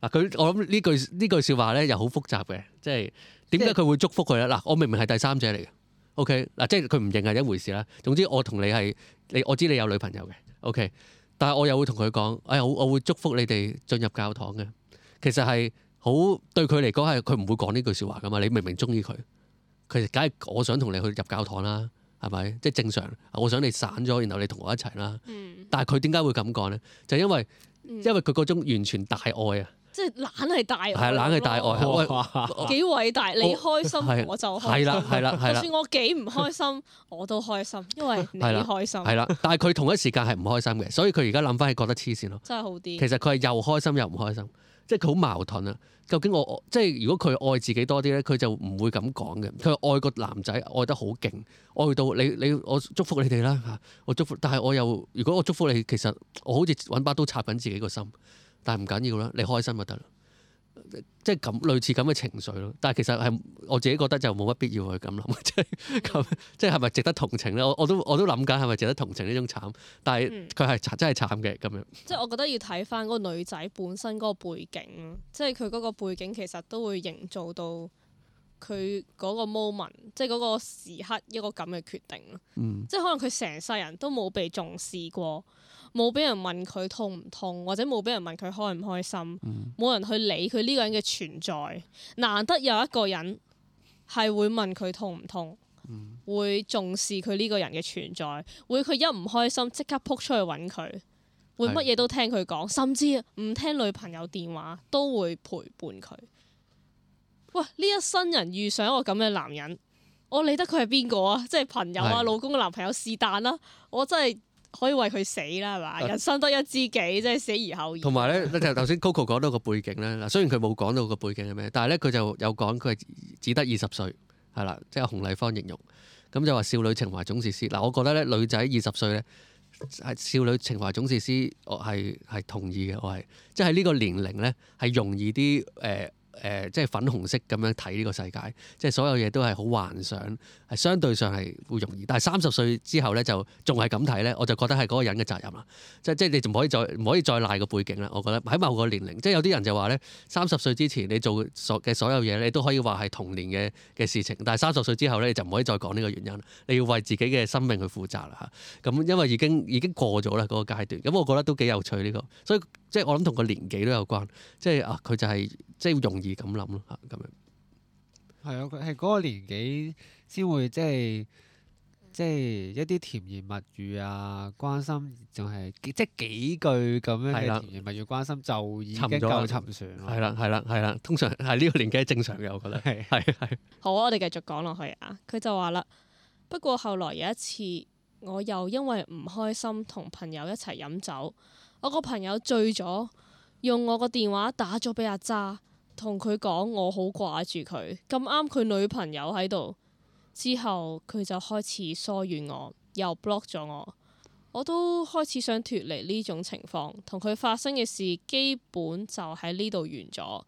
嗱，佢我諗呢句呢句說話咧，又好複雜嘅，即係點解佢會祝福佢咧？嗱、啊，我明明係第三者嚟嘅，O K，嗱，即係佢唔認係一回事啦。總之我同你係，你我知你有女朋友嘅，O K，但係我又會同佢講，我、哎、我會祝福你哋進入教堂嘅。其實係好對佢嚟講係，佢唔會講呢句說話噶嘛。你明明中意佢，佢梗係我想同你去入教堂啦，係咪？即係正常，我想你散咗，然後你同我一齊啦。嗯、但係佢點解會咁講咧？就是、因為因為佢嗰種完全大愛啊！即係懶係大愛，懶係大愛，幾偉大！你開心我就開心，係啦係啦，就算我幾唔開心，我都開心，因為你開心。係啦，但係佢同一時間係唔開心嘅，所以佢而家諗翻係覺得黐線咯。真係好啲。其實佢係又開心又唔開心，即係佢好矛盾啊！究竟我即係如果佢愛自己多啲咧，佢就唔會咁講嘅。佢愛個男仔愛得好勁，愛到你你，你我祝福你哋啦嚇，我祝福。但係我又如果我祝福你，其實我好似揾把刀插緊自己個心。但係唔緊要啦，你開心就得咯，即係咁類似咁嘅情緒咯。但係其實係我自己覺得就冇乜必要去咁諗，即係咁，嗯、即係係咪值得同情咧？我都我都諗緊係咪值得同情呢種慘？但係佢係真係慘嘅咁樣。即係我覺得要睇翻嗰個女仔本身嗰個背景，即係佢嗰個背景其實都會營造到佢嗰個 moment，即係嗰個時刻一個咁嘅決定咯。嗯、即係可能佢成世人都冇被重視過。冇俾人問佢痛唔痛，或者冇俾人問佢開唔開心，冇、嗯、人去理佢呢個人嘅存在。難得有一個人係會問佢痛唔痛，嗯、會重視佢呢個人嘅存在，會佢一唔開心即刻撲出去揾佢，會乜嘢都聽佢講，甚至唔聽女朋友電話都會陪伴佢。哇！呢一生人遇上一個咁嘅男人，我理得佢係邊個啊？即、就、係、是、朋友啊、老公嘅男朋友是但啦，我真係～可以為佢死啦，係嘛？人生得一知己，啊、即係死而後已。同埋咧，就頭先 Coco 講到個背景咧，嗱，雖然佢冇講到個背景係咩，但係咧佢就有講，佢係只得二十歲，係啦，即係洪麗芳形容，咁就話少女情懷總是詩。嗱，我覺得咧，女仔二十歲咧係少女情懷總是詩，我係係同意嘅，我係即係呢個年齡咧係容易啲誒。呃誒、呃，即係粉紅色咁樣睇呢個世界，即係所有嘢都係好幻想，係相對上係會容易。但係三十歲之後呢，就仲係咁睇呢，我就覺得係嗰個人嘅責任啦。即即係你唔可以再唔可以再賴個背景啦。我覺得喺某個年齡，即係有啲人就話呢，三十歲之前你做所嘅所有嘢，你都可以話係童年嘅嘅事情。但係三十歲之後呢，就唔可以再講呢個原因。你要為自己嘅生命去負責啦嚇。咁、啊、因為已經已經過咗啦嗰個階段，咁我覺得都幾有趣呢，這個，所以。即係我諗同個年紀都有關，即係啊，佢就係、是、即係容易咁諗咯，咁樣。係啊、嗯，佢係嗰個年紀先會即係即係一啲甜言蜜語啊，關心就係、是、即係幾句咁樣嘅甜言蜜語關心就已經夠沉船。係啦，係啦，係啦，通常係呢個年紀係正常嘅，我覺得係係係。好，我哋繼續講落去啊。佢就話啦，不過後來有一次，我又因為唔開心同朋友一齊飲酒。我個朋友醉咗，用我個電話打咗俾阿渣，同佢講我好掛住佢，咁啱佢女朋友喺度，之後佢就開始疏遠我，又 block 咗我。我都開始想脫離呢種情況，同佢發生嘅事基本就喺呢度完咗。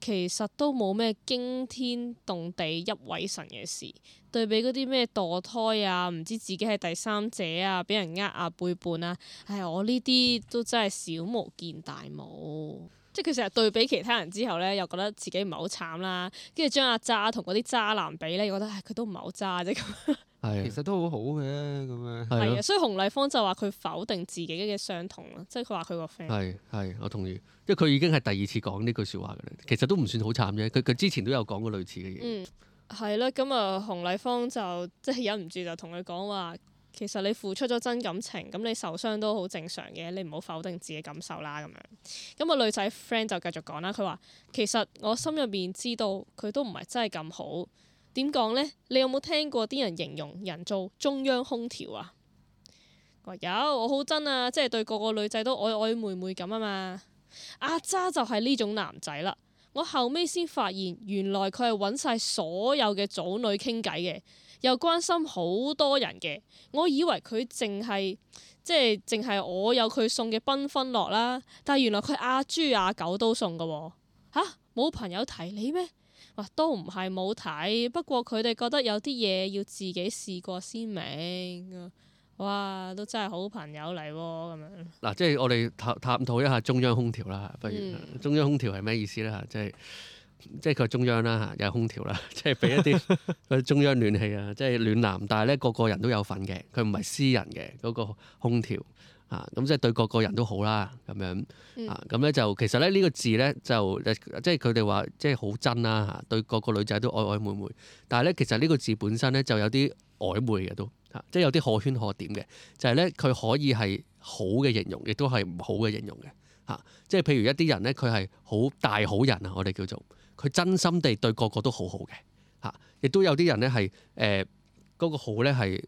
其實都冇咩驚天動地、泣鬼神嘅事。對比嗰啲咩墮胎啊、唔知自己係第三者啊、俾人呃啊、背叛啊，唉，我呢啲都真係小巫見大巫。即係佢成日對比其他人之後咧，又覺得自己唔係好慘啦。跟住將阿渣同嗰啲渣男比咧，又覺得唉，佢都唔係好渣啫。係，其實都好好嘅咁樣。係啊，所以洪麗芳就話佢否定自己嘅傷痛咯，即係佢話佢個 friend。係係，我同意，因為佢已經係第二次講呢句說話嘅啦。其實都唔算好慘啫，佢佢之前都有講過類似嘅嘢，嗯。嗯，係啦，咁啊，洪麗芳就即，係、係忍唔住就同佢講話，其實你付出咗真感情，咁你受傷都好正常嘅，你唔好否定自己感受啦咁樣。咁啊，女仔 friend 就繼續講啦，佢話，其實我心入面知道佢都唔係真係咁好。點講呢？你有冇聽過啲人形容人做中央空調啊？話有我好憎啊！即係對個個女仔都愛愛妹妹咁啊嘛。阿渣就係呢種男仔啦。我後尾先發現，原來佢係揾晒所有嘅組女傾偈嘅，又關心好多人嘅。我以為佢淨係即係淨係我有佢送嘅繽紛樂啦，但係原來佢阿豬阿狗都送㗎喎、啊。嚇，冇朋友提你咩？都唔係冇睇，不過佢哋覺得有啲嘢要自己試過先明。哇，都真係好朋友嚟喎咁樣。嗱、啊，即係我哋探探討一下中央空調啦，不如、嗯、中央空調係咩意思咧？嚇，即係即係佢中央啦，有空調啦，即係俾一啲 中央暖氣啊，即係暖男，但係咧個個人都有份嘅，佢唔係私人嘅嗰、那個空調。啊，咁即係對個個人都好啦，咁樣啊，咁咧就其實咧呢個字咧就即係佢哋話即係好真啦嚇、啊，對個個女仔都曖曖昧昧。但係咧其實呢個字本身咧就有啲曖昧嘅都嚇，即係有啲可圈可點嘅，就係咧佢可以係好嘅形容，亦都係唔好嘅形容嘅嚇、啊。即係譬如一啲人咧，佢係好大好人啊，我哋叫做佢真心地對個個都好好嘅嚇，亦、啊、都有啲人咧係誒。嗰個好咧係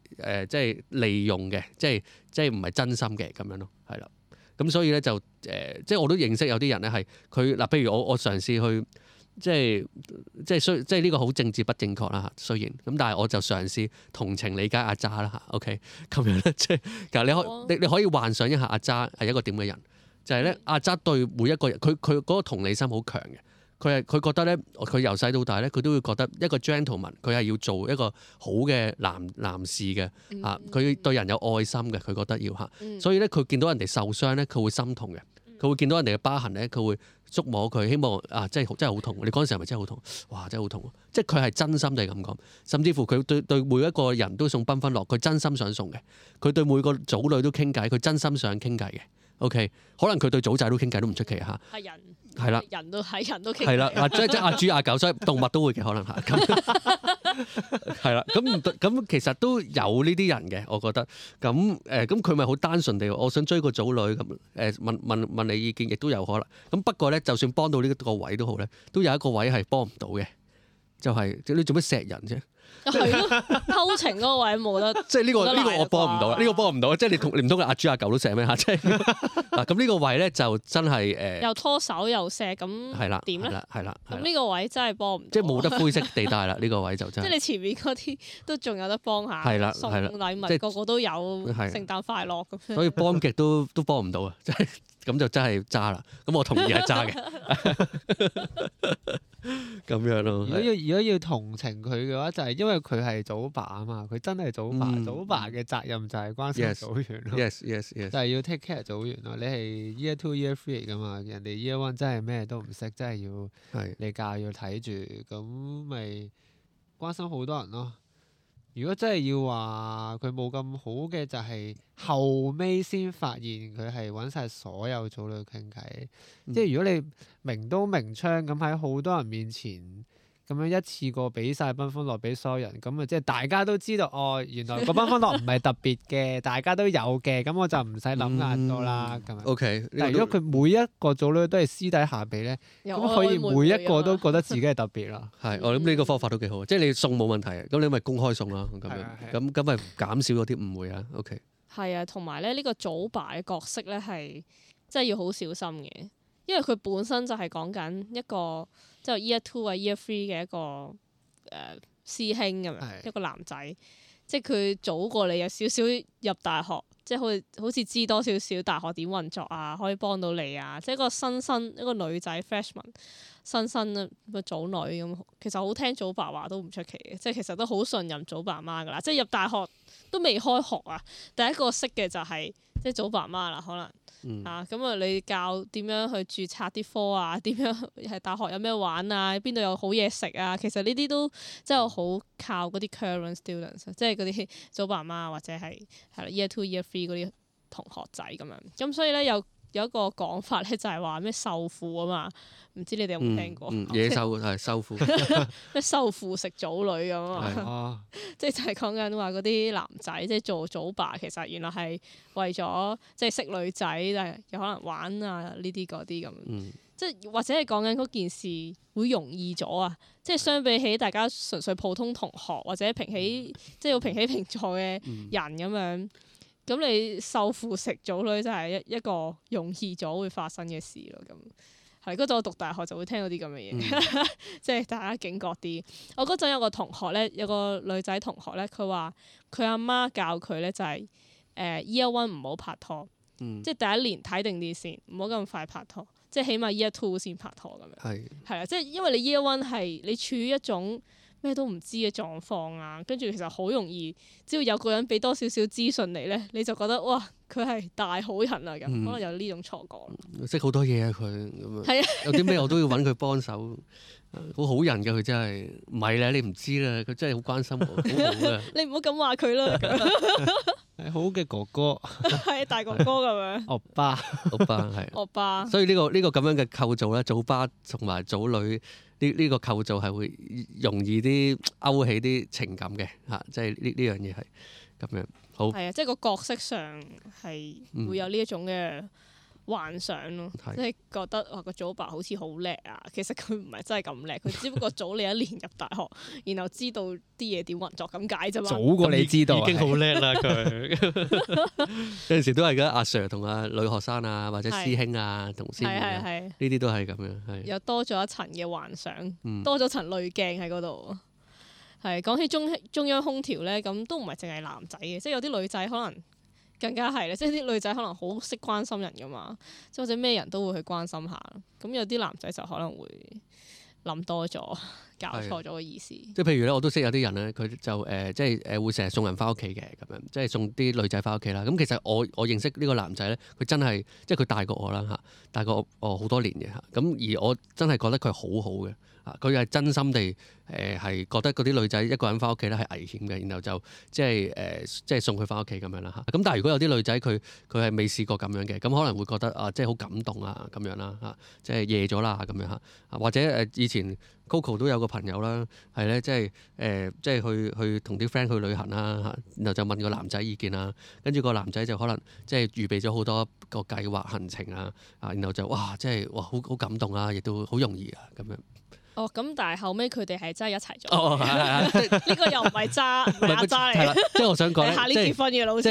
誒，即係利用嘅，即係即係唔係真心嘅咁樣咯，係啦。咁所以咧就誒、呃，即係我都認識有啲人咧係佢嗱，譬如我我嘗試去即係即係需即係呢個好政治不正確啦，雖然咁，但係我就嘗試同情理解阿渣啦，嚇，OK。咁樣咧即係其實你可你、啊、你可以幻想一下阿渣係一個點嘅人，就係、是、咧阿渣對每一個人佢佢嗰個同理心好強嘅。佢係佢覺得咧，佢由細到大咧，佢都會覺得一個 gentleman，佢係要做一個好嘅男男士嘅啊！佢對人有愛心嘅，佢覺得要嚇，所以咧佢見到人哋受傷咧，佢會心痛嘅。佢會見到人哋嘅疤痕咧，佢會觸摸佢，希望啊，真係真係好痛！你嗰陣時係咪真係好痛？哇！真係好痛！即係佢係真心都係咁講，甚至乎佢對對,對每一個人都送繽紛樂，佢真心想送嘅。佢對每個組女都傾偈，佢真心想傾偈嘅。OK，可能佢對組仔都傾偈都唔出奇嚇。啊係啦，人都喺人都係啦，嗱，即係阿豬阿狗，所以動物都會嘅可能係，係啦，咁咁其實都有呢啲人嘅，我覺得，咁誒咁佢咪好單純地，我想追個祖女，咁、呃、誒問問問你意見，亦都有可能。咁不過咧，就算幫到呢個位都好咧，都有一個位係幫唔到嘅。就係，你做咩錫人啫？係咯，偷情嗰個位冇得。即係呢個呢個我幫唔到，呢個幫唔到。即係你同你唔通阿豬阿狗都錫咩吓，即係嗱，咁呢個位咧就真係誒。又拖手又錫，咁係啦，點咧？係啦，係啦，咁呢個位真係幫唔。即係冇得灰色地帶啦，呢 個位就真。即係你前面嗰啲都仲有得幫下，送禮物，即係個個都有。係。聖誕快樂咁樣。所以幫極都都幫唔到啊！真係。咁就真係渣啦！咁我同意係渣嘅，咁 樣咯，如果要。如果要同情佢嘅話，就係、是、因為佢係組爸啊嘛，佢真係組爸。嗯、組爸嘅責任就係關心組員咯，嗯、yes, yes, yes. 就係要 take care 組員咯。你係 year two year three 嘅嘛。人哋 year one 真係咩都唔識，真係要你教，要睇住，咁咪關心好多人咯。如果真係要話佢冇咁好嘅，就係、是、後尾先發現佢係揾晒所有組女傾偈。嗯、即係如果你明刀明槍咁喺好多人面前。咁樣一次過俾晒繽紛樂俾所有人，咁啊即係大家都知道哦，原來個繽紛樂唔係特別嘅，大家都有嘅，咁我就唔使諗咁多啦。咁樣、嗯。O、okay, K，如果佢每一個組咧都係私底下俾咧，咁可以每一個都覺得自己係特別咯。係，我諗呢個，個方法都幾好，即係你送冇問題，咁你咪公開送啦。咁樣、嗯，咁咁咪減少咗啲誤會啊。O、okay、K。係啊，同埋咧，呢、這個組擺角色咧係真係要好小心嘅，因為佢本身就係講緊一個。即係 year two 啊，year three 嘅一個誒、uh, 師兄咁樣，<是的 S 1> 一個男仔，即係佢早過你有少少入大學，即係好似好似知多少少大學點運作啊，可以幫到你啊，即係一個新生一個女仔 freshman 新生啊，個組女咁，其實好聽組爸話都唔出奇嘅，即係其實都好信任組爸媽噶啦，即係入大學都未開學啊，第一個識嘅就係、是、即係組爸媽啦，可能。嗯、啊！咁啊，你教點樣去註冊啲科啊？點樣係大學有咩玩啊？邊度有好嘢食啊？其實呢啲都真係好靠嗰啲 current students，即係嗰啲組爸媽或者係係啦 year two year three 嗰啲同學仔咁樣，咁、嗯、所以咧有。有一個講法咧，就係話咩獸父啊嘛，唔知你哋有冇聽過野獸系獸父，咩獸父食組女咁啊？即係就係講緊話嗰啲男仔即係做組爸，其實原來係為咗即係識女仔，但係又可能玩啊呢啲嗰啲咁，即係、嗯、或者係講緊嗰件事會容易咗啊！即係相比起大家純粹普通同學或者平起即係要平起平坐嘅人咁樣。嗯咁你受父食早女就係一一個容易咗會發生嘅事咯。咁係嗰陣我讀大學就會聽嗰啲咁嘅嘢，即係、嗯、大家警覺啲。我嗰陣有個同學咧，有個女仔同學咧，佢話佢阿媽教佢咧，就係誒 year one 唔好拍拖，嗯、即係第一年睇定啲先，唔好咁快拍拖，即係起碼 year two 先拍拖咁樣。係係即係因為你 year one 係你處於一種。咩都唔知嘅狀況啊，跟住其實好容易，只要有個人俾多少少資訊你咧，你就覺得哇，佢係大好人啊咁，可能有呢種錯覺。識好、嗯、多嘢啊佢咁啊，樣係啊有啲咩我都要揾佢幫手。好好人噶佢真係，咪啦你唔知啦，佢真係好關心我，啊、你唔 好咁話佢啦，係好嘅哥哥，係 大哥哥咁樣。歐巴，歐巴係。歐巴，所以呢、這個呢、這個咁樣嘅構造咧，早巴同埋祖女呢呢、這個這個構造係會容易啲勾起啲情感嘅，吓即係呢呢樣嘢係咁樣好。係啊，即係個角色上係會有呢一種嘅。嗯幻想咯，即係覺得哇個祖爸好似好叻啊！其實佢唔係真係咁叻，佢只不過早你一年入大學，然後知道啲嘢點運作咁解啫嘛。早過你知道，嗯、已經好叻啦佢。有陣時都係噶，阿 Sir 同阿女學生啊，或者師兄啊、同師妹啊，呢啲都係咁樣。又多咗一層嘅幻想，多咗層濾鏡喺嗰度。係講、嗯、起中中央空調咧，咁都唔係淨係男仔嘅，即係有啲女仔可能。更加係咧，即係啲女仔可能好識關心人㗎嘛，即係或者咩人都會去關心下。咁有啲男仔就可能會諗多咗，搞錯咗嘅意思。即係譬如咧，我都識有啲人咧，佢就誒、呃、即係誒會成日送人翻屋企嘅咁樣，即係送啲女仔翻屋企啦。咁其實我我認識呢個男仔咧，佢真係即係佢大過我啦嚇，大過我好多年嘅嚇。咁而我真係覺得佢好好嘅。佢係真心地誒，係、呃、覺得嗰啲女仔一個人翻屋企咧係危險嘅，然後就即係誒，即、呃、係送佢翻屋企咁樣啦嚇。咁但係如果有啲女仔，佢佢係未試過咁樣嘅，咁可能會覺得啊、呃，即係好感動啊咁樣啦嚇，即係夜咗啦咁樣嚇，或者誒以前 Coco 都有個朋友啦，係咧即係誒，即係、呃、去去同啲 friend 去旅行啦、啊、然後就問個男仔意見啦、啊，跟住個男仔就可能即係預備咗好多個計劃行程啊，然後就哇，即係哇好好感動啊，亦都好容易啊咁樣。咁但係後尾，佢哋係真係一齊咗。哦，呢個又唔係渣，唔係渣嚟。即係我想講，下年結婚嘅老師，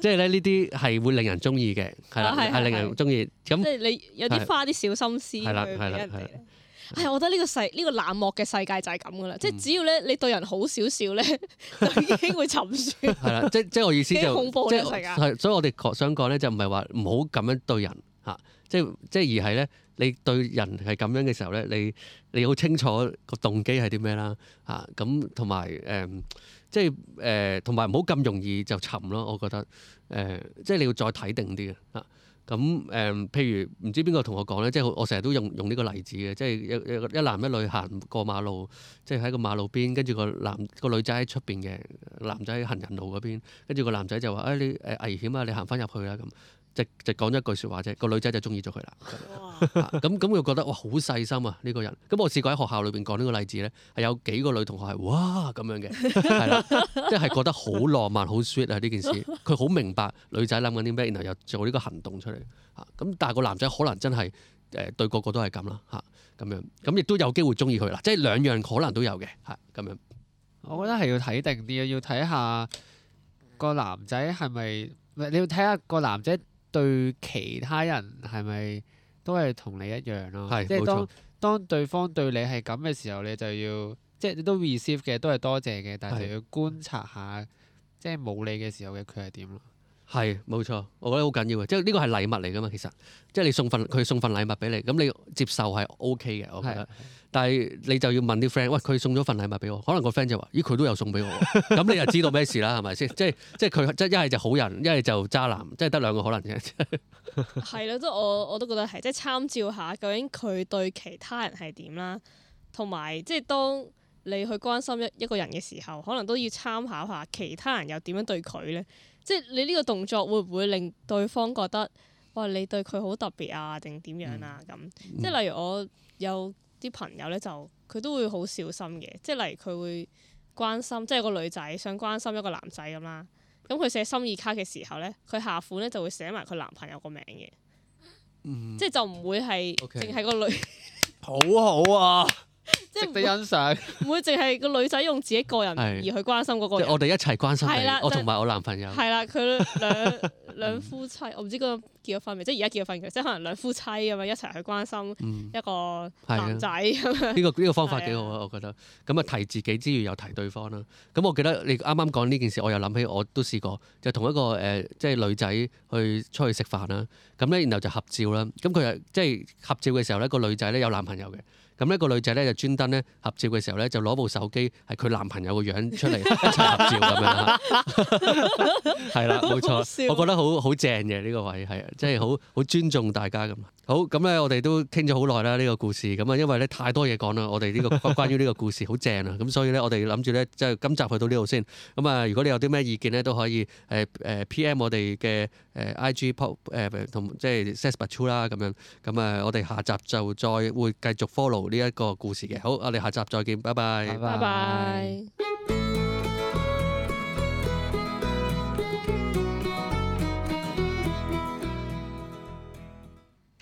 即係咧呢啲係會令人中意嘅，係啦，係令人中意。咁即係你有啲花啲小心思。係啦係啦係。係，我覺得呢個世呢個冷漠嘅世界就係咁噶啦，即係只要咧你對人好少少咧，就已經會沉船。係啦，即即係我意思就係，即係所以，我哋想講咧就唔係話唔好咁樣對人嚇，即即而係咧。你對人係咁樣嘅時候呢，你你好清楚個動機係啲咩啦？咁同埋誒，即係誒同埋唔好咁容易就沉咯，我覺得誒，即係你要再睇定啲嘅啊。咁誒，譬如唔知邊個同我講呢？即係我成日都用用呢個例子嘅，即係一男一女行過馬路，即係喺個馬路邊，跟住個男個女仔喺出邊嘅，男仔喺行人路嗰邊，跟住個男仔就話，誒你誒你危險啊，你行翻入去啦咁。直就講一句説話啫，個女仔就中意咗佢啦。咁咁佢覺得哇，好細心啊呢、呢個人。咁、嗯、我試過喺學校裏邊講呢個例子咧，係有幾個女同學係哇咁樣嘅，係啦 ，即、就、係、是、覺得好浪漫、好 sweet 啊呢件事。佢好明白女仔諗緊啲咩，然後又做呢個行動出嚟嚇。咁、嗯、但係個男仔可能真係誒、呃、對個個都係咁啦嚇咁樣，咁、嗯、亦、嗯嗯、都有機會中意佢啦。即、就、係、是、兩樣可能都有嘅，係、嗯、咁樣。我覺得係要睇定啲，要睇下，下個男仔係咪？你要睇下個男仔。對其他人係咪都係同你一樣咯、啊？係，即係當當對方對你係咁嘅時候，你就要即係你都 receive 嘅，都係多謝嘅，但係就要觀察下即係冇你嘅時候嘅佢係點咯。係冇錯，我覺得好緊要嘅，即係呢個係禮物嚟㗎嘛，其實即係你送份佢送份禮物俾你，咁你接受係 O K 嘅，我覺得，但係你就要問啲 friend，喂，佢送咗份禮物俾我，可能個 friend 就話：咦，佢都有送俾我，咁 你又知道咩事啦？係咪先？即係即係佢一係就好人，一係就渣男，即係得兩個可能啫。係 咯，即係我我都覺得係，即係參照下究竟佢對其他人係點啦，同埋即係當你去關心一一個人嘅時候，可能都要參考下其他人又點樣對佢咧。即係你呢個動作會唔會令對方覺得哇，你對佢好特別啊，定點樣啊咁？即係例如我有啲朋友咧，就佢都會好小心嘅，即係例如佢會關心，即係個女仔想關心一個男仔咁啦。咁佢寫心意卡嘅時候咧，佢下款咧就會寫埋佢男朋友個名嘅，嗯、即係就唔會係淨係個女 好好啊！即係欣賞，唔會淨係個女仔用自己個人而去關心嗰個。即、就是、我哋一齊關心。係啦，就是、我同埋我男朋友。係啦，佢兩兩夫妻，我唔知嗰個結咗婚未，即係而家結咗婚嘅，即係可能兩夫妻咁樣一齊去關心一個男仔咁、嗯、樣。呢個呢個方法幾好啊，我覺得。咁啊提自己之餘又提對方啦。咁我記得你啱啱講呢件事，我又諗起我都試過，就同一個誒、呃、即係女仔去出去食飯啦。咁咧然後就合照啦。咁佢又即係合照嘅時候咧，個女仔咧有男朋友嘅。咁咧個女仔咧就專登咧合照嘅時候咧就攞部手機係佢男朋友個樣出嚟一齊合照咁樣，係啦 ，冇錯，我覺得好好正嘅呢、這個位係，即係好好尊重大家咁。好，咁咧，我哋都傾咗好耐啦呢個故事，咁啊因為咧太多嘢講啦，我哋呢、這個關於呢個故事好正啊，咁所以咧我哋諗住咧即係今集去到呢度先。咁啊，如果你有啲咩意見咧都可以誒誒、呃呃、P.M 我哋嘅誒 I.G p、嗯、同、呃呃、即係 set but true 啦咁樣。咁啊，我哋下集就再會繼續 follow。呢一個故事嘅。好，我哋下集再見，拜拜，拜拜 。Bye bye